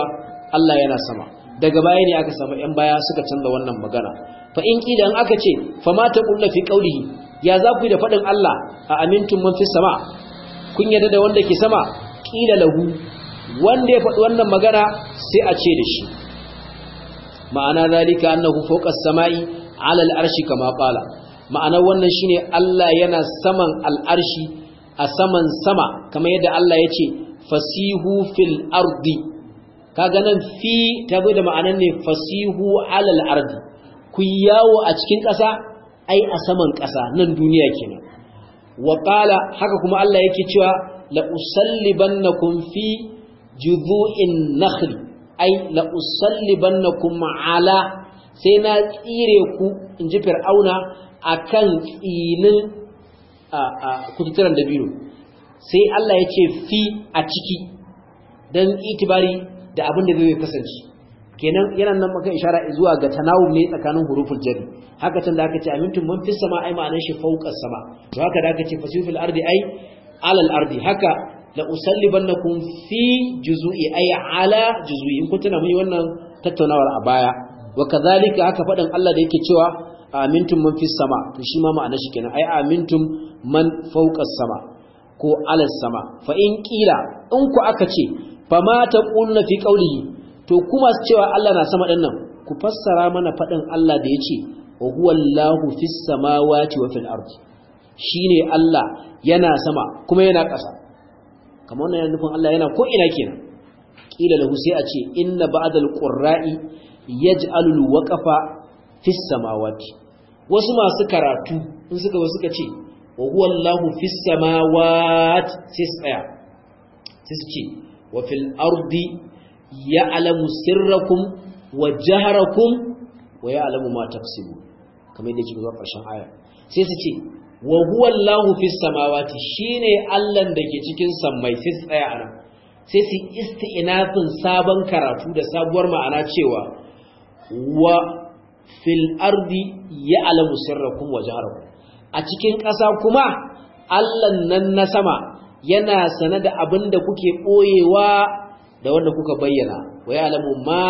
Allah yana sama daga baya ne aka samu ‘yan baya suka canza wannan magana fa in an aka ce fa ma ta ƙulla fi ƙaurihi ya za ku yi da faɗin Allah a amintun man fi sama kun yadda da wanda ke sama ƙila lahu wanda ya faɗi wannan magana sai a ce da shi ma'ana zalika annahu fawqa as-sama'i 'ala al-arshi kama qala ma'ana wannan shine Allah yana saman al-arshi a saman sama kamar yadda Allah ya ce fasihu fil ardi kaga nan fi ta da ma'anan ne fasihu 'ala al-ardi ku yawo a cikin ƙasa ai a saman ƙasa nan duniya kenan wa qala haka kuma Allah yake cewa la usallibannakum fi juzu'in nakhli ai la usallibannakum ma'ala sai na tsire ku in ji fir'auna akan tsinin kututturan dabino sai Allah ya ce fi a ciki dan itibari da abin da zai kasance kenan yana nan maka ishara zuwa ga tanawum ne tsakanin huruful jari haka can da aka ce amintum man fis sama ai ma'anar shi fawqa sama to haka da aka ce fasifil ardi ai alal ardi haka la usallibannakum fi juzu'i ay ala juzu'i in kuntuna mai wannan tattaunawar a baya wa kadhalika haka fadan Allah da yake cewa amintum man fis sama to shi ma ma'ana shi kenan ai amintum man fawqa sama ko ala sama fa in qila in ku aka ce fa ma taquluna fi qawlihi to kuma su cewa Allah na sama dinnan ku fassara mana faɗin Allah da yace wa huwa Allahu fis samawati wa fil ardi shine Allah yana sama kuma yana ƙasa kamar wannan yana nufin Allah yana ko ina kenan kila lahu sai a ce inna ba'dal qurra'i yaj'alul waqafa fis samawati wasu masu karatu in suka wasu suka ce wa huwa Allahu fis samawati sai su tsaya sai su ce wa fil ardi ya'lamu sirrakum wa jaharakum wa ya'lamu ma tafsibu kamar yadda kike zuwa ƙarshen aya sai su ce wa huwa Allahu fis samawati shine Allah da ke cikin sammai sai su tsaya anan sai su isti'nafin sabon karatu da sabuwar ma'ana cewa wa fil ardi ya'lamu sirrakum wa jaharakum a cikin ƙasa kuma Allah nan na sama yana sane da abin da kuke ɓoyewa da wanda kuka bayyana wa ya'lamu ma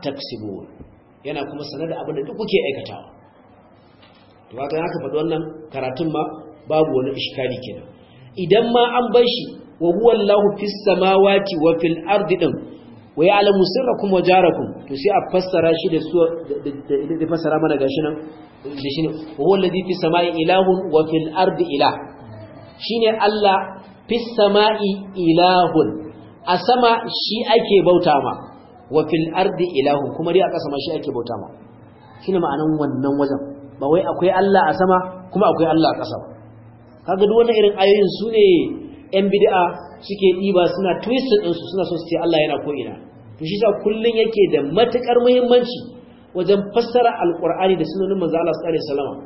taksibun yana kuma sane da abin da kuke aikatawa ba ya kafa faɗi wannan karatun ma babu wani iskali kenan idan ma an bar shi wa huwa Allahu fis samawati wa fil ardi din wa ya'lamu sirrakum wa jarakum to sai a fassara shi da su da da fassara mana gashi nan da shi ne wa huwa alladhi fis samai ilahun wa fil ardi ilah shine Allah fis samai ilahun a sama shi ake bauta ma wa fil ardi ilahun kuma dai a kasa ma shi ake bauta ma shine ma'anan wannan wajen ba wai akwai Allah a sama kuma akwai Allah a ƙasa ba kaga duk wannan irin ayoyin su ne yan bid'a suke ɗiba suna twisted din su suna so su ce Allah yana ko ina to shi sa kullun yake da matukar muhimmanci wajen fassara alqur'ani da sunanin manzo Allah sallallahu alaihi wasallam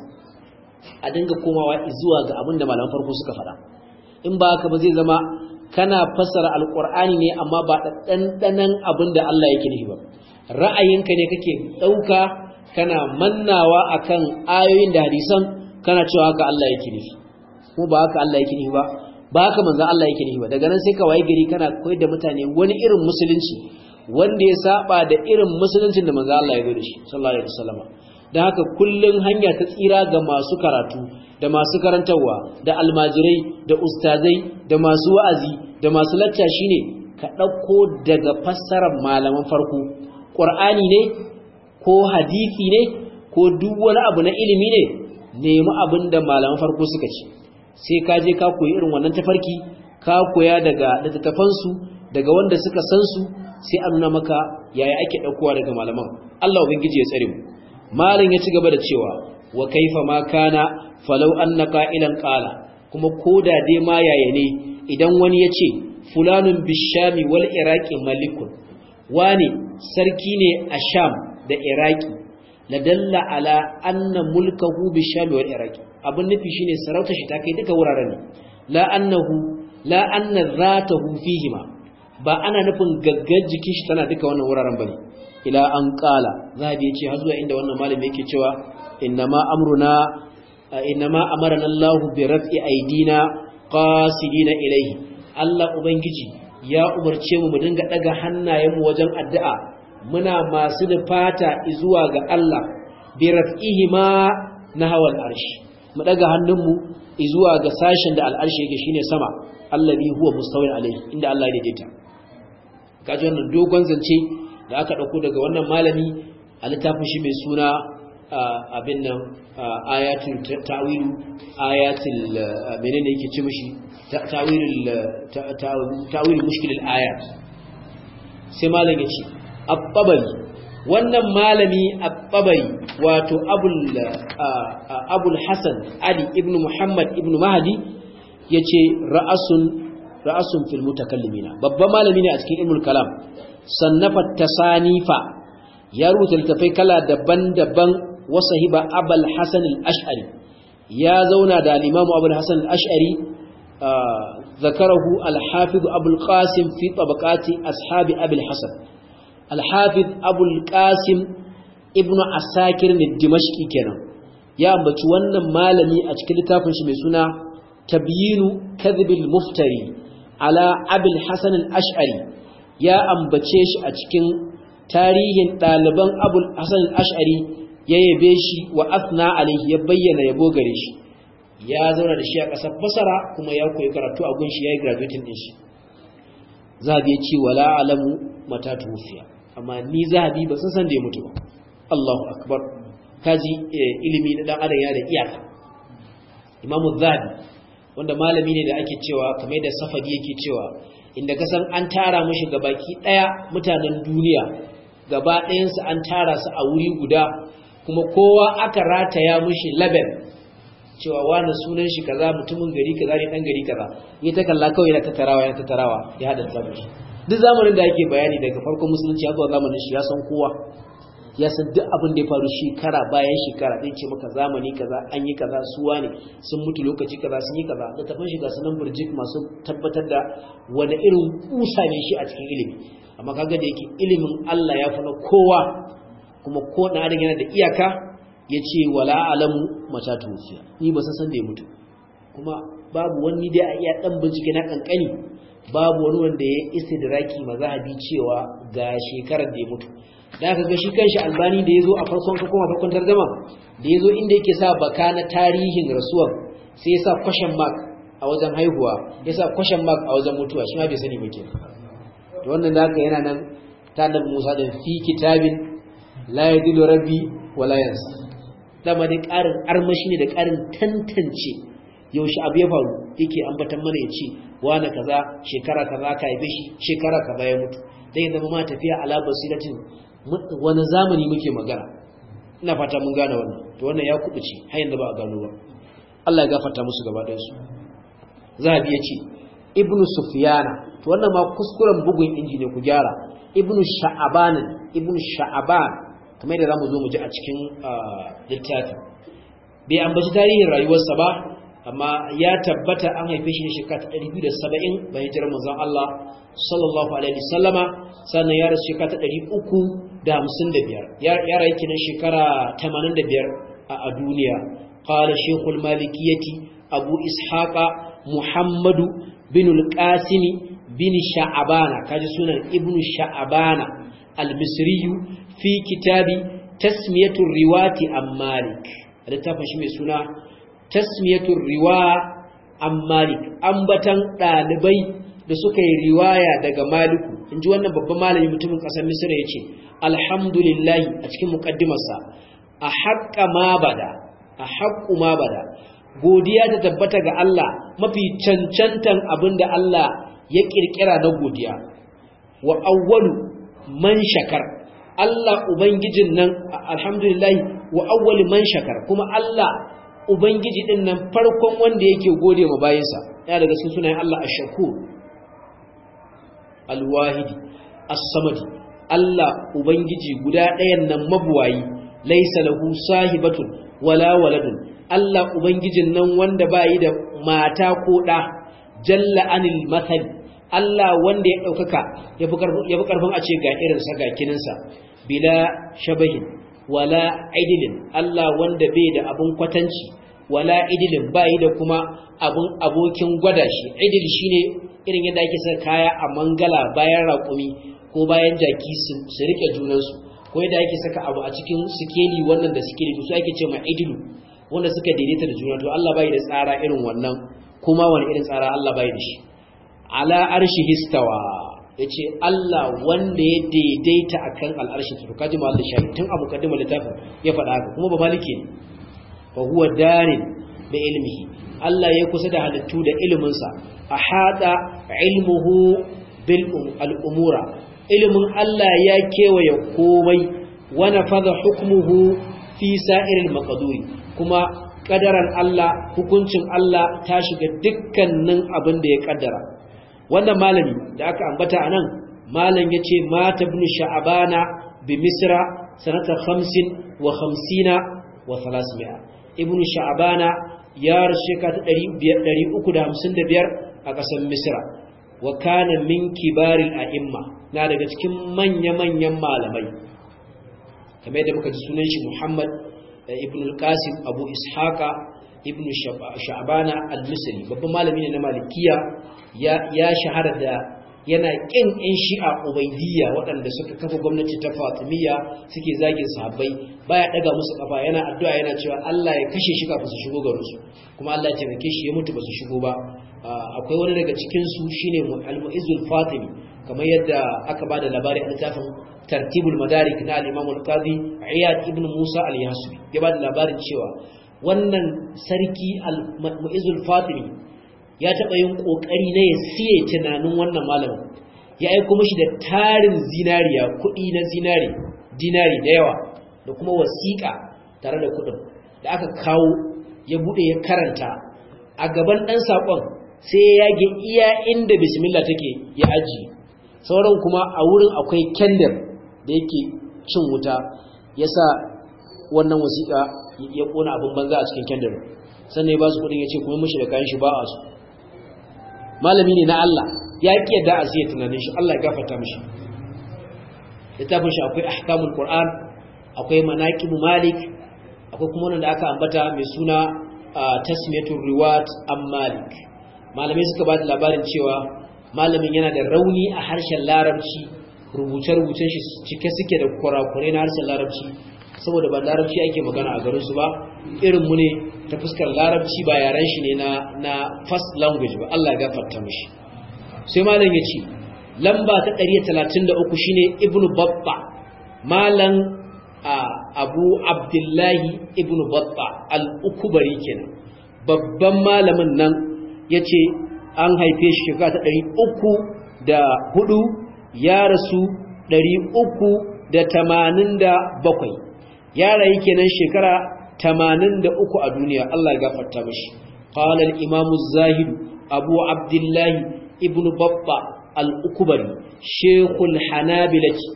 a dinga komawa zuwa ga abin da malaman farko suka faɗa in ba haka ba zai zama kana fassara alqur'ani ne amma ba da dandanan abin da Allah yake nufi ba ra'ayinka ne kake ɗauka. kana mannawa akan ayoyin da hadisan kana cewa haka Allah yake nufi ko ba haka Allah yake nufi ba ba haka manzon Allah yake nufi ba daga nan sai ka waye gari kana koyar da mutane wani irin musulunci wanda ya saba da irin musuluncin da manzon Allah ya zo da shi sallallahu alaihi wasallam dan haka kullun hanya ta tsira ga masu karatu da masu karantarwa da almajirai da ustazai da masu wa'azi da masu lacca shine ka ɗauko daga fassarar malaman farko qur'ani ne ko hadisi ne ko duk wani abu na ilimi ne nemi abin da malaman farko suka ci. sai ka je ka koyi irin wannan tafarki ka koya daga littattafansu daga wanda suka san su sai a nuna maka yaya ake ɗaukowa daga malaman Allah ubangiji ya tsare mu malam ya ci gaba da cewa wa kaifa ma kana falau anna qa'ilan qala kuma koda dai ma yaya ne idan wani ya ce fulanun bishami wal iraqi malikun wani sarki ne a sham da iraki la dalla ala anna mulkahu bi sham wal iraki abin nufi shine sarauta shi ta kai duka wuraren ne la annahu la anna fihima ba ana nufin gaggar jikin shi tana duka wannan wuraren bane ila an qala zabi yace har zuwa inda wannan malami yake cewa innama amruna innama amarana Allah bi raf'i aidina qasidina ilayhi Allah ubangiji ya umarce mu mu dinga daga mu wajen addu'a muna masu fata zuwa ga Allah bi ma na hawal arshi mu daga hannunmu zuwa ga sashen da al'arshi yake shine sama allazi huwa mustawin alayhi inda Allah ya daidaita kaji wannan dogon zance da aka dauko daga wannan malami a littafin shi mai suna abin nan ayatul ta'wil ayatul menene yake ci mishi ta'wilul ta'wil mushkilul ayat sai malam ya ce at wannan malami at wato abul ali ibn muhammad ibn mahdi ce ra'asun ra'asun fil mutakallimina babban malami ne a cikin ilmul kalam sannafa tasanifa ya rubuta littafai kala daban-daban wa hiba abul hasan ashari ya zauna da al-imamu abul hasan al-ash'ari ذكره الحافظ أبو القاسم في Ashabi, أصحاب Hassan. alhafiz hafiz abul qasim ibnu asakir ne dimashqi kenan ya ambaci wannan malami a cikin littafin shi mai suna tabyinu kadhibil muftari ala abul hasan al-ash'ari ya ambace shi a cikin tarihin ɗaliban abul hasan al-ash'ari ya yabe shi wa athna alaihi ya bayyana yabo gare shi ya zauna da shi a ƙasar basara kuma ya koyi karatu a shi, ya yi graduating din shi zabi biya ce wala alamu mata tuhufiya amma ni zahabi ba sun san da ya mutu ba Allahu akbar kaji eh, ilimi na dan adam ya da iyaka Imam Zahabi wanda malami ne da ake cewa kamar da safadi yake cewa inda ka san an tara mushi gabaki ɗaya mutanen duniya gaba ɗayansa an tara su a wuri guda kuma kowa aka rataya mushi label cewa wani sunan shi kaza mutumin gari kaza ne ɗan gari kaza ya ta kalla kawai yana tattarawa yana tattarawa ya hada da duk zamanin da ake bayani daga farkon musulunci ya zuwa zamanin shi ya san kowa ya san duk abin da ya faru shekara bayan shekara din ce maka zamani kaza an yi kaza suwa ne sun mutu lokaci kaza sun yi kaza da tafin shiga sunan burjik masu tabbatar da wani irin kusa ne shi a cikin ilimi amma kaga da yake ilimin Allah ya fi na kowa kuma ko na adam yana da iyaka ya ce wala alamu mata tuwufiya ni ba san da ya mutu kuma babu wani dai a iya dan bincike na kankani babu wani wanda ya istidraki bi cewa ga shekarar da ya mutu da aka ga shi kanshi albani da ya zo a farkon ko kuma farkon tarjama da ya zo inda yake sa baka na tarihin rasuwar sai ya sa question mark a wajen haihuwa ya sa question mark a wajen mutuwa shi ma bai sani ba to wannan da aka yana nan tanar musa da fi kitabin la yadilu rabbi wala yansa karin armashi ne da karin tantance yaushe abu ya faru yake ambatan mana ya ce wani kaza shekara kaza ka haife shi shekara kaza ya mutu Zai ya zama ma tafiya ala basiratin wani zamani muke magana ina fata mun gane wannan to wannan ya kubuce har yanzu ba a gano ba Allah ya gafarta musu gaba ɗayan su zabi ya ce ibnu sufyana to wannan ma kuskuren bugun inji ne ku gyara ibnu sha'aban ibnu sha'aban kamar yadda zamu zo mu ji a cikin ah, littafin bai ambaci tarihin rayuwarsa ba amma ya tabbata an haife shi ne shekara ta 270 bayan hijirar manzon Allah sallallahu alaihi wasallama sannan ya rasu shekara 355 ya rayu kenan shekara 85 a duniya qala shaykhul malikiyati abu ishaqa muhammadu bin al-qasim bin sha'abana kaji sunan ibnu sha'abana al-misri fi kitabi tasmiyatu riwati an malik littafin shi mai suna tasmiyatul riwa an malik ambatan ɗalibai da suka yi riwaya daga maliku in ji wannan babban malami mutumin ƙasar misira ya ce alhamdulillah a cikin muƙaddimarsa a haƙƙa ma a haƙƙu ma godiya ta tabbata ga Allah mafi cancantan abin da Allah ya ƙirƙira na godiya wa awwalu man shakar Allah ubangijin nan alhamdulillah wa awwalu man shakar kuma Allah ubangiji din nan farkon wanda yake gode ma bayansa ya daga sun sunayen Allah ash-shakur al-wahidi as Allah ubangiji guda ɗayan nan mabuwayi laysa lahu sahibatun wala waladun Allah ubangijin nan wanda bayi da mata ko da jalla anil mathal Allah wanda ya daukaka yafi karfin a ce ga irinsa ga kininsa bila shabahin wala aidilin Allah wanda bai da abun kwatanci wala idilin bayi da kuma abun abokin gwada shi idil shine irin yadda ake sa kaya a mangala bayan raƙumi ko bayan jaki su rike junansu ko yadda ake saka abu a cikin sikeli wannan da sikeli su ake ce ma idilu wanda suka daidaita da juna to Allah bai da tsara irin wannan kuma wani irin tsara Allah bai da shi ala arshi histawa yace Allah wanda ya daidaita akan al'arshi to kaji mallan shahi tun abu kadima littafin ya faɗa haka kuma ba maliki ne fa huwa darin bi ilmihi Allah ya kusa da halittu da ilimin sa ahata ilmuhu bil um, al-umura ilimin Allah ya kewaya komai wa fada hukumuhu fi sa'iril maqduri kuma kadaran Allah hukuncin Allah ta shiga dukkanin abin da ya kaddara wannan malami da aka ambata anan malam yace mata ibn sha'bana bi misra sanata 50 wa 50 wa ibnu sha'bana ya rushe ka ta 355 a kasar misra wa kana min kibaril a'imma na daga cikin manya-manyan malamai kamar da muka ji sunan shi muhammad eh, ibn al-qasim abu ishaqa ibn sha'bana al-misri babban malami ne na malikiya ya shahara da yana ƙin ƴan shi'a ubaidiyya waɗanda suka kafa gwamnati ta fatimiyya suke zagin sahabbai baya ɗaga musu ƙafa yana addu'a yana cewa Allah ya kashe shi kafin su shigo garin su kuma Allah ya taimake shi ya mutu ba su shigo ba akwai wani daga cikin su shine al-mu'izzul fatimi kamar yadda aka ba da labari a littafin tartibul madarik na al-imam al-qadi iyad ibn musa al-yasubi ya ba da labarin cewa wannan sarki al-mu'izzul fatimi ya taɓa yin ƙoƙari na ya siye tunanin wannan malamin ya aiko mashi da tarin zinariya kuɗi na zinari dinari da yawa da kuma wasiƙa tare da kuɗin da aka kawo ya buɗe ya karanta a gaban ɗan saƙon sai ya yage iya inda bismillah take ya aji sauran kuma a wurin akwai kendir da yake cin wuta ya sa wannan wasiƙa ya ƙona abin banza a cikin kendir sannan ya ba su kuɗin ya ce kuma mashi da kayan shi ba a su malami ne na Allah ya ki yadda a siya tunanin shi Allah ya mashi mashi. littafin shi akwai ahkamun qur'an akwai manaqib malik akwai kuma wanda aka ambata mai suna tasmiyatul riwat am malik malamai suka ba da labarin cewa malamin yana da rauni a harshen larabci rubuce-rubucen shi cike suke da kurakurai na harshen larabci saboda ba larabci ake magana a garinsu ba irin mu ne ta fuskar larabci ba yaren shi ne na first language ba Allah ya gafarta mishi sai malam ya ce lamba ta 133 shine ibnu babba malam abu abdullahi ibnu babba al-ukubari kenan babban malamin nan yace an haife shi shekara ta 300 da hudu ya rasu da 387 yara yake nan shekara 83 a duniya Allah ya gafarta mishi qala al-imam az-zahid abu abdullah ibn babba al-ukbari shaykhul hanabilati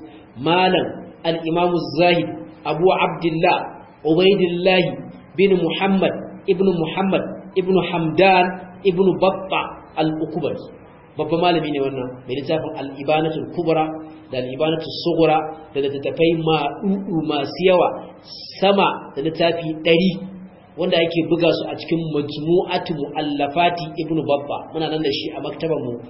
malam al-imam zahid abu abdullah ubaydillah bin muhammad ibn muhammad ibn hamdan ibn babba al-ukbari babban malami ne wannan mai littafin al'ibanatul kubra da al'ibanatul sugura da littattafai maɗuɗu masu yawa sama da littafi ɗari wanda ake buga su a cikin majmu'atu mu'allafati ibn babba muna nan da shi a maktabarmu. mu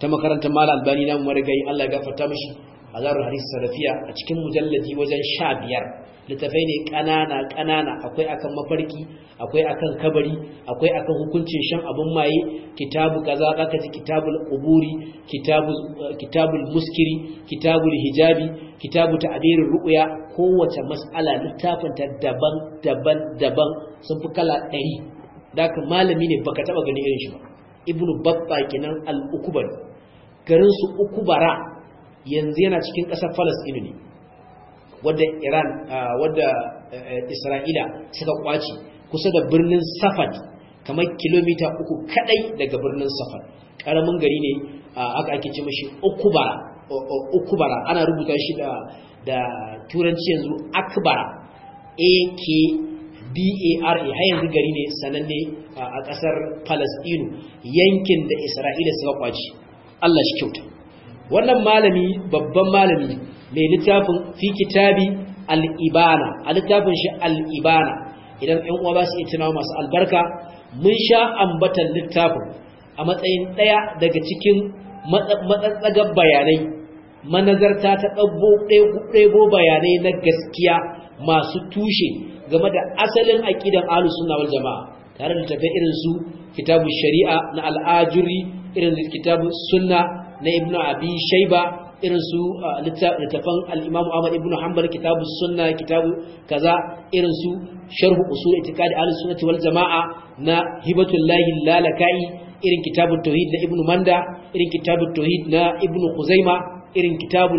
ta makarantar malam albani namu marigayi Allah ya gafarta mashi a zarar hadisi sarafiya a cikin mujalladi wajen sha biyar littafai ne ƙanana ƙanana akwai akan mafarki akwai akan kabari akwai akan hukuncin shan abin maye kitabu kaza zaka ji kitabul quburi kitabu eh, kitabul muskiri kitabul hijabi kitabu ta'birir ru'ya kowace mas'ala littafin ta daban daban daban sun fi kala 100 daka malami ne baka taba ganin irin shi ba ibnu babba kenan al-ukubari garin su ukubara yanzu yana cikin ƙasar Falasɗinu ne wadda Iran wadda e, e, Isra'ila suka kwace kusa da birnin Safad kamar kilomita uku kadai daga birnin Safad karamin gari ne aka ake ce mashi Ukubara ana rubuta shi da turanci yanzu Akbara A K B A R A har gari ne sananne a kasar Palestine yankin da Isra'ila suka kwace Allah shi kyauta wannan malami babban malami mai littafin fi kitabi al'ibana, a littafin shi al'ibana, idan 'yan uwa ba su iya tunawa masu albarka mun sha ambatan littafin a matsayin ɗaya daga cikin matsatsagar bayanai manazarta ta ɗabo bayanai na gaskiya masu tushe game da asalin aƙidan alusun na jama'a tare da tafiya irin su kitabun shari'a na al'ajuri irin kitabun sunna na ibnu abi shaiba irin su littafan al’imamu Ahmad ibn Hanbal kitabu sunna kitabu kaza irin su sharh usul itiqadi ahlus sunnati wal jamaa na Lahi lalakai irin kitabu tauhid na ibn Manda irin kitabu tauhid na ibn Khuzaima irin kitabu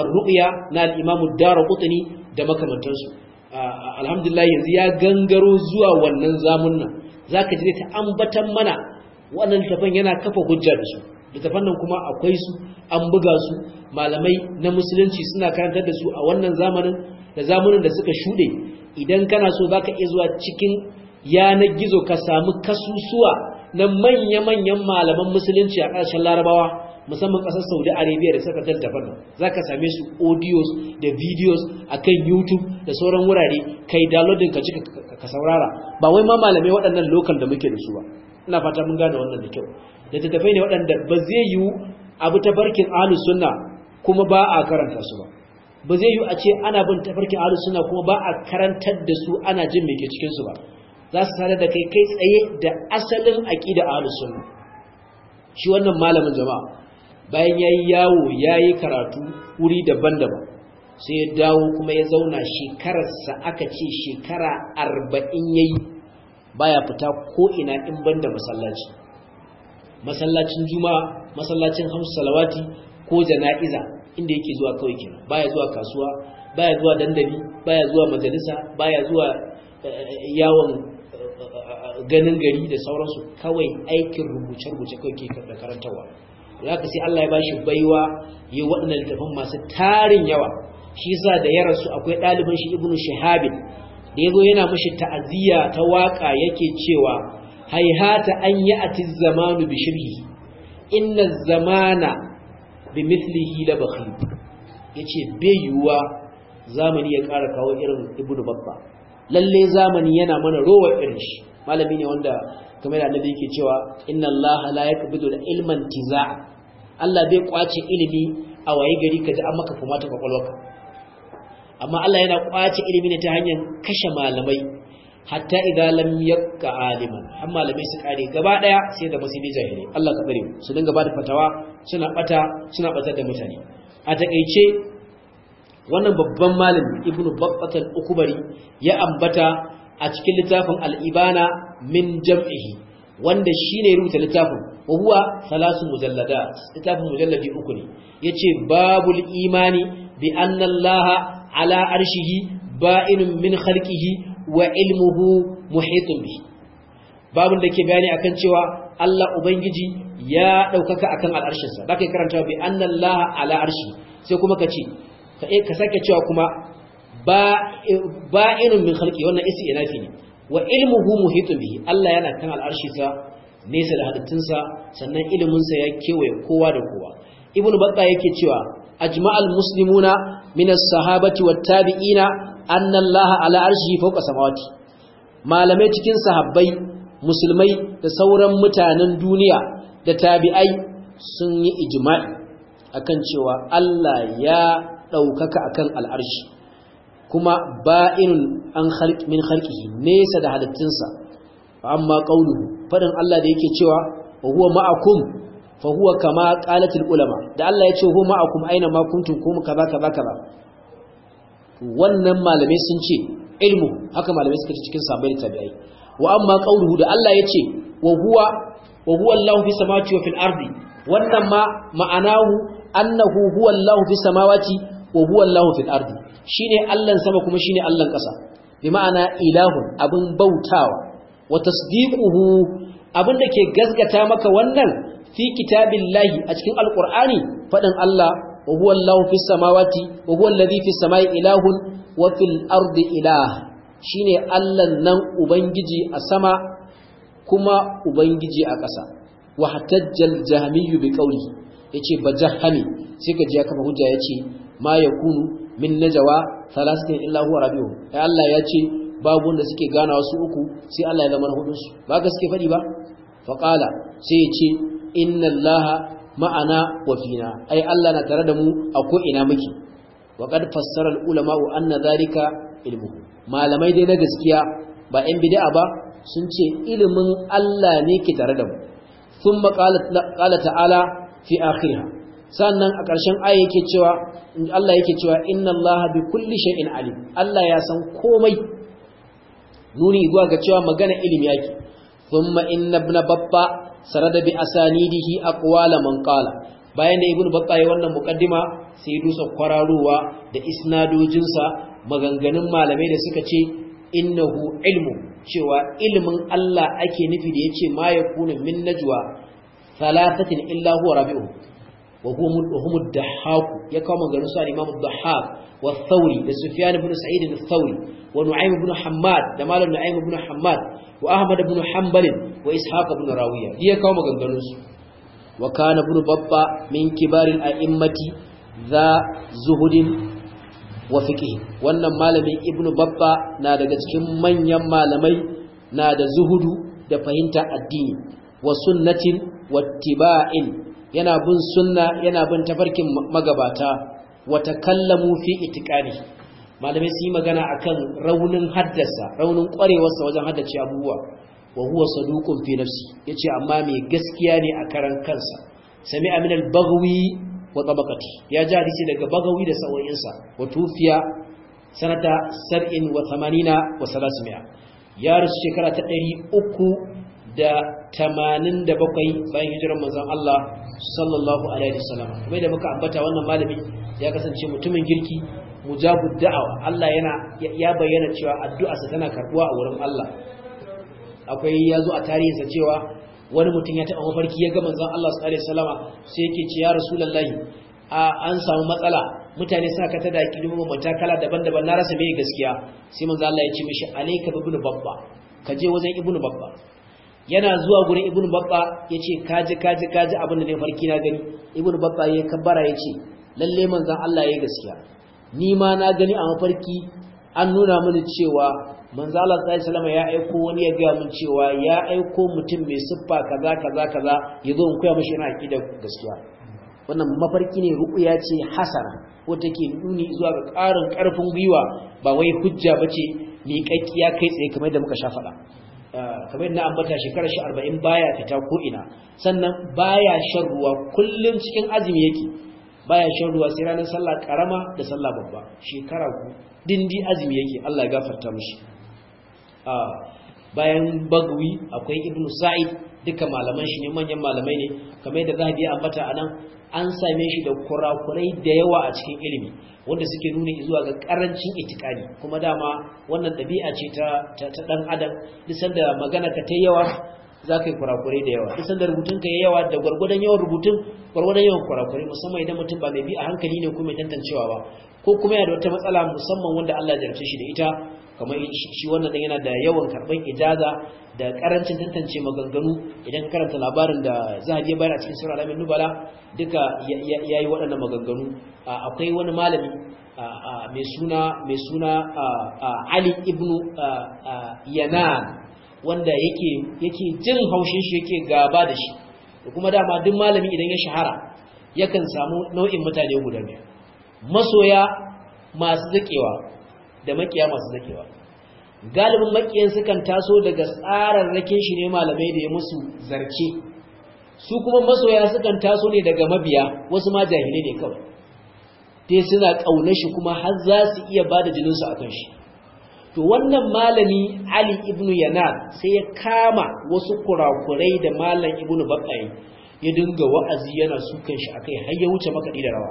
ar-ru'ya na al-Imam ad da makamantansu alhamdulillah yanzu ya gangaro zuwa wannan zamun nan zaka ji ta ambatan mana wannan littafan yana kafa hujja da su Da kuma akwai su an buga su malamai na musulunci suna karantar da su a wannan zamanin da zamanin da suka shuɗe idan kana so za ka iya zuwa cikin yanar gizo ka sami kasusuwa na manya-manyan malaman musulunci a ƙarshen larabawa musamman ƙasar saudi arabia da suka tattafa nan za ka same su audios da videos a kan youtube da sauran wurare kai downloadin ka cika ka saurara ba wai ma malamai waɗannan lokal da muke da su ba ina fata mun gane wannan da kyau littattafai ne waɗanda ba zai yiwu abu tafarkin ahlus kuma ba a karanta su ba ba zai yiwu a ce ana bin tafarkin ahlus sunna kuma ba a karantar da su ana jin mai ke cikinsu ba za su sadar da kai kai tsaye da asalin aƙida ahlus shi wannan malamin jama'a bayan ya yi yawo ya yi karatu wuri daban-daban sai ya dawo kuma ya zauna shekararsa aka ce shekara arba'in ya yayi baya fita ko ina in banda masallaci masallacin juma'a masallacin hamsu salawati ko jana'iza inda yake zuwa kawai kenan baya zuwa kasuwa baya zuwa dandali baya zuwa majalisa baya zuwa eh, yawon eh, ganin gari da sauransu kawai aikin rubuce-rubuce kawai ke da karantarwa za ka sai Allah ya bashi baiwa ya waɗannan littafin masu tarin yawa shi sa da ya rasu akwai ɗaliban shi ibnu shahabin da ya zo yana mashi ta'aziyya ta waƙa yake cewa haihata an ya'ti zamanu bi shirhi inna zamana bi mithlihi la bakhil yace bai yiwuwa zamani ya ƙara kawo irin ibnu babba lalle zamani yana mana rowa irin shi malami ne wanda kamar da annabi yake cewa inna allaha la da ilman tiza'a Allah bai kwace ilimi a waye gari ka ji an maka kuma ta kwakwalwarka amma Allah yana kwace ilimi ne ta hanyar kashe malamai hatta idan lam yakka aliman amma malamai su kare gaba daya sai da musu bi jahili Allah ka bare su dinga ba da fatawa suna bata suna batar da mutane a takeice wannan babban malam ibnu babbat al-ukbari ya ambata a cikin littafin al-ibana min jam'ihi wanda shine rubuta littafin wa huwa mujallada, mujalladat littafin mujalladi uku ne yace babul imani bi anna Allah ala arshihi ba'inun min khalqihi wa ilmuhu muhitun bi Babu da ke bayani akan cewa Allah ubangiji ya daukaka akan al'arshin sa baka karanta bi anna Allah ala arshi sai kuma ka ce ka sake cewa kuma ba ba'inun min khalqi wannan isi fi ne wa ilmuhu muhitun bi Allah yana kan al'arshi sa nesa da sa sannan ilimin sa ya kewaye kowa da kowa ibnu batta yake cewa ajma'al muslimuna min as-sahabati wat-tabi'ina annallaha al'arshi arshihi fawqa samawati malamai cikin sahabbai musulmai da sauran mutanen duniya da tabi'ai sun yi ijima'i akan cewa Allah ya ɗaukaka akan al'arshi kuma ba'in an khalq min khalqihi nesa da halittinsa amma qauluhu faɗin Allah da yake cewa huwa ma'akum huwa kama qalatul ulama da Allah ya ce hu ma'akum aina ma kuntum kum kaza kaza kaza wannan malamai sun ce ilmu haka malamai suka ce cikin sabai da tabi'ai wa amma qauluhu da Allah ya ce wa huwa wa huwa Allahu fi samawati wa fil ardi wannan ma ma'anahu annahu huwa Allahu fi samawati wa huwa Allahu fil ardi shine Allah sama kuma shine Allah kasa bi ma'ana ilahu abin bautawa wa tasdiquhu abin da ke gazgata maka wannan fi kitabillahi a cikin alqur'ani fadin Allah wa huwa Allahu fis ilahun wa fil ardi ilah shine Allah nan ubangiji a sama kuma ubangiji a ƙasa wa hatajjal jahmiyyu bi qawli yace bajahami sai ka ji ya kafa hujja yace ma yakunu min najwa thalathatin illa huwa rabi'u ai Allah yace babu wanda suke gana wasu uku sai Allah ya zama na ba ka suke faɗi ba faqala sai yace inna allaha ma'ana wa fina ai Allah na tare da mu a ko ina muke wa fassarar fassara al-ulama anna dhalika ilmu malamai dai na gaskiya ba ɗan bid'a ba sun ce ilimin Allah ne ke tare da mu thumma qala ta'ala fi akhiriha sannan a ƙarshen aya yake cewa Allah yake cewa inna Allah bi kulli shay'in alim Allah ya san komai nuni zuwa ga cewa magana ilimi yake thumma inna ibn babba sarada bi asanidihi aqwala man qala bayan da ibnu battai wannan muqaddima sai dusa kwararowa da isnadojinsa maganganun malamai da suka ce innahu ilmu cewa ilmin Allah ake nufi da yace ma yakunu min najwa thalathatin illa huwa rabi'u wa huwa hum ad-dahhak ya kama maganganun sa imam ad-dahhak wa thawri da sufyan ibn sa'id al-thawri wa nu'aym ibn hammad da malam nu'aym ibn hammad wa ahmad ibn hanbal wa ishaq ibn rawiya ya kawo maganganun su wa kana ibn babba min kibaril a'immati za zuhudin wa fiqh wannan malamin ibn babba na daga cikin manyan malamai na da zuhudu da fahimta addini wa sunnatin wattiba'in yana bin sunna yana bin tafarkin magabata wa takallamu fi itiqani malamai su yi magana kan raunin haddasa raunin ƙwarewarsa wajen haddace abubuwa wa huwa sadukun fi nafsi ce amma mai gaskiya ne a karan kansa sami aminal al wa Tsabakati ya ji hadisi daga bagawi da sauyinsa wa tufiya sanata sar'in wa wa salasimiya ya rasu shekara ta ɗari uku da tamanin da bakwai bayan hijiran manzan Allah sallallahu Alaihi wasallam kuma da muka ambata wannan malami ya kasance mutumin girki mujabud da'awa Allah yana ya bayyana cewa sa tana karbuwa a wurin Allah akwai yazo a tarihinsa cewa wani mutum ya taba mafarki ya ga manzon Allah sallallahu alaihi wasallama sai yake ce ya rasulullahi an samu matsala mutane suna ka tada kilimin mata kala daban-daban na rasa mai gaskiya sai manzon Allah ya ce mishi alayka bi ibnu babba ka je wajen ibnu babba yana zuwa gurin ibnu babba yace kaji kaji kaji abin da ne farki na gani ibnu babba ya kabbara yace lalle manzon Allah ya gaskiya ni ma na gani a mafarki an nuna mini cewa manzo Allah sallallahu ya aiko wani ya gaya min cewa ya aiko mutum mai siffa kaza kaza kaza zo in koya mishi ina aqida gaskiya wannan mafarki ne ruqya ce hasara ko ke nuni zuwa ga karin karfin gwiwa ba wai hujja bace miƙaƙƙiya kai tsaye kamar da muka sha faɗa ah, kamar yadda bata shekarar shi 40 baya fita ko ina sannan baya shan ruwa kullum cikin azumi yake baya shan ruwa sai ranar sallah karama da sallah babba shekara ku dindi azumi yake Allah ya gafarta mishi a bayan bagwi akwai ibnu sa'id duka malaman shi ne manyan malamai ne kamar yadda zahabi ya ambata anan an same shi da kurakurai da yawa a cikin ilimi wanda suke nuna zuwa ga karancin itikadi kuma dama wannan dabi'a ce ta ta dan adam duk da magana ka ta yawa za ka yi kurakurai da yawa in da rubutun ka yi yawa da gwargwadon yawan rubutun gwargwadon yawan kurakurai musamman idan mutum ba mai bi a hankali ne ko mai tantancewa ba ko kuma yana da wata matsala musamman wanda Allah ya jarce shi da ita kamar shi wannan yana da yawan karban ijaza da karancin tantance maganganu idan ka karanta labarin da zahabi biya bayar a cikin sura alamin nubala duka yayi waɗannan maganganu akwai wani malami mai suna mai suna Ali ibnu Yanan wanda yake yake jin haushin shi yake gaba da shi da kuma dama duk malami idan ya shahara yakan samu nau'in mutane guda biyu masoya masu zakewa da makiya masu zakewa galibin makiyan sukan taso daga tsararrakin shi ne malamai da ya musu zarce su kuma masoya sukan taso ne daga mabiya wasu ma jahilai ne kawai sai suna ƙaunar shi kuma har za su iya bada da jininsu a kan shi to wannan malami Ali ibn Yanar sai ya kama wasu kurakurai da malam ibn Bakai ya dinga wa'azi yana sukan shi akai har ya wuce makaɗi da rawa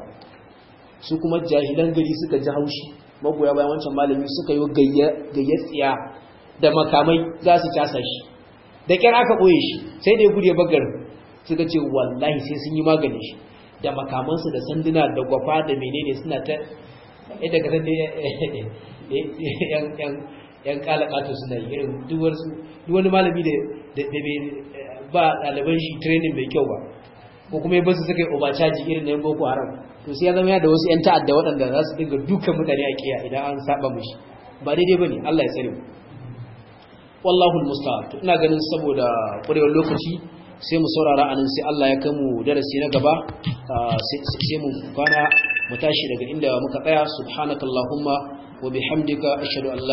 su kuma jahilan gari suka ji haushi magoya bayan wancan malami suka yi gayyatsiya da makamai za su casa shi da kyar aka ɓoye shi sai da ya gudu bagar suka ce wallahi sai sun yi maganin shi da makamansu da sanduna da gwafa da menene suna ta eh, ga yan kalakato suna irin wani malami da ba ɗaliban shi training mai kyau ba ko kuma ya basu suka yi caji irin na yan boko haram to sai ya zama yana da wasu yan ta'adda waɗanda za su dinga dukkan mutane a kiya idan an saba mashi ba daidai ba ne allah ya tsare mu wallahu to ina ganin saboda ƙwarewar lokaci sai mu saurara anan sai allah ya kai mu darasi na gaba ah, sai mu kwana mu tashi daga inda muka tsaya subhanakallahumma وبحمدك أشهد أن لا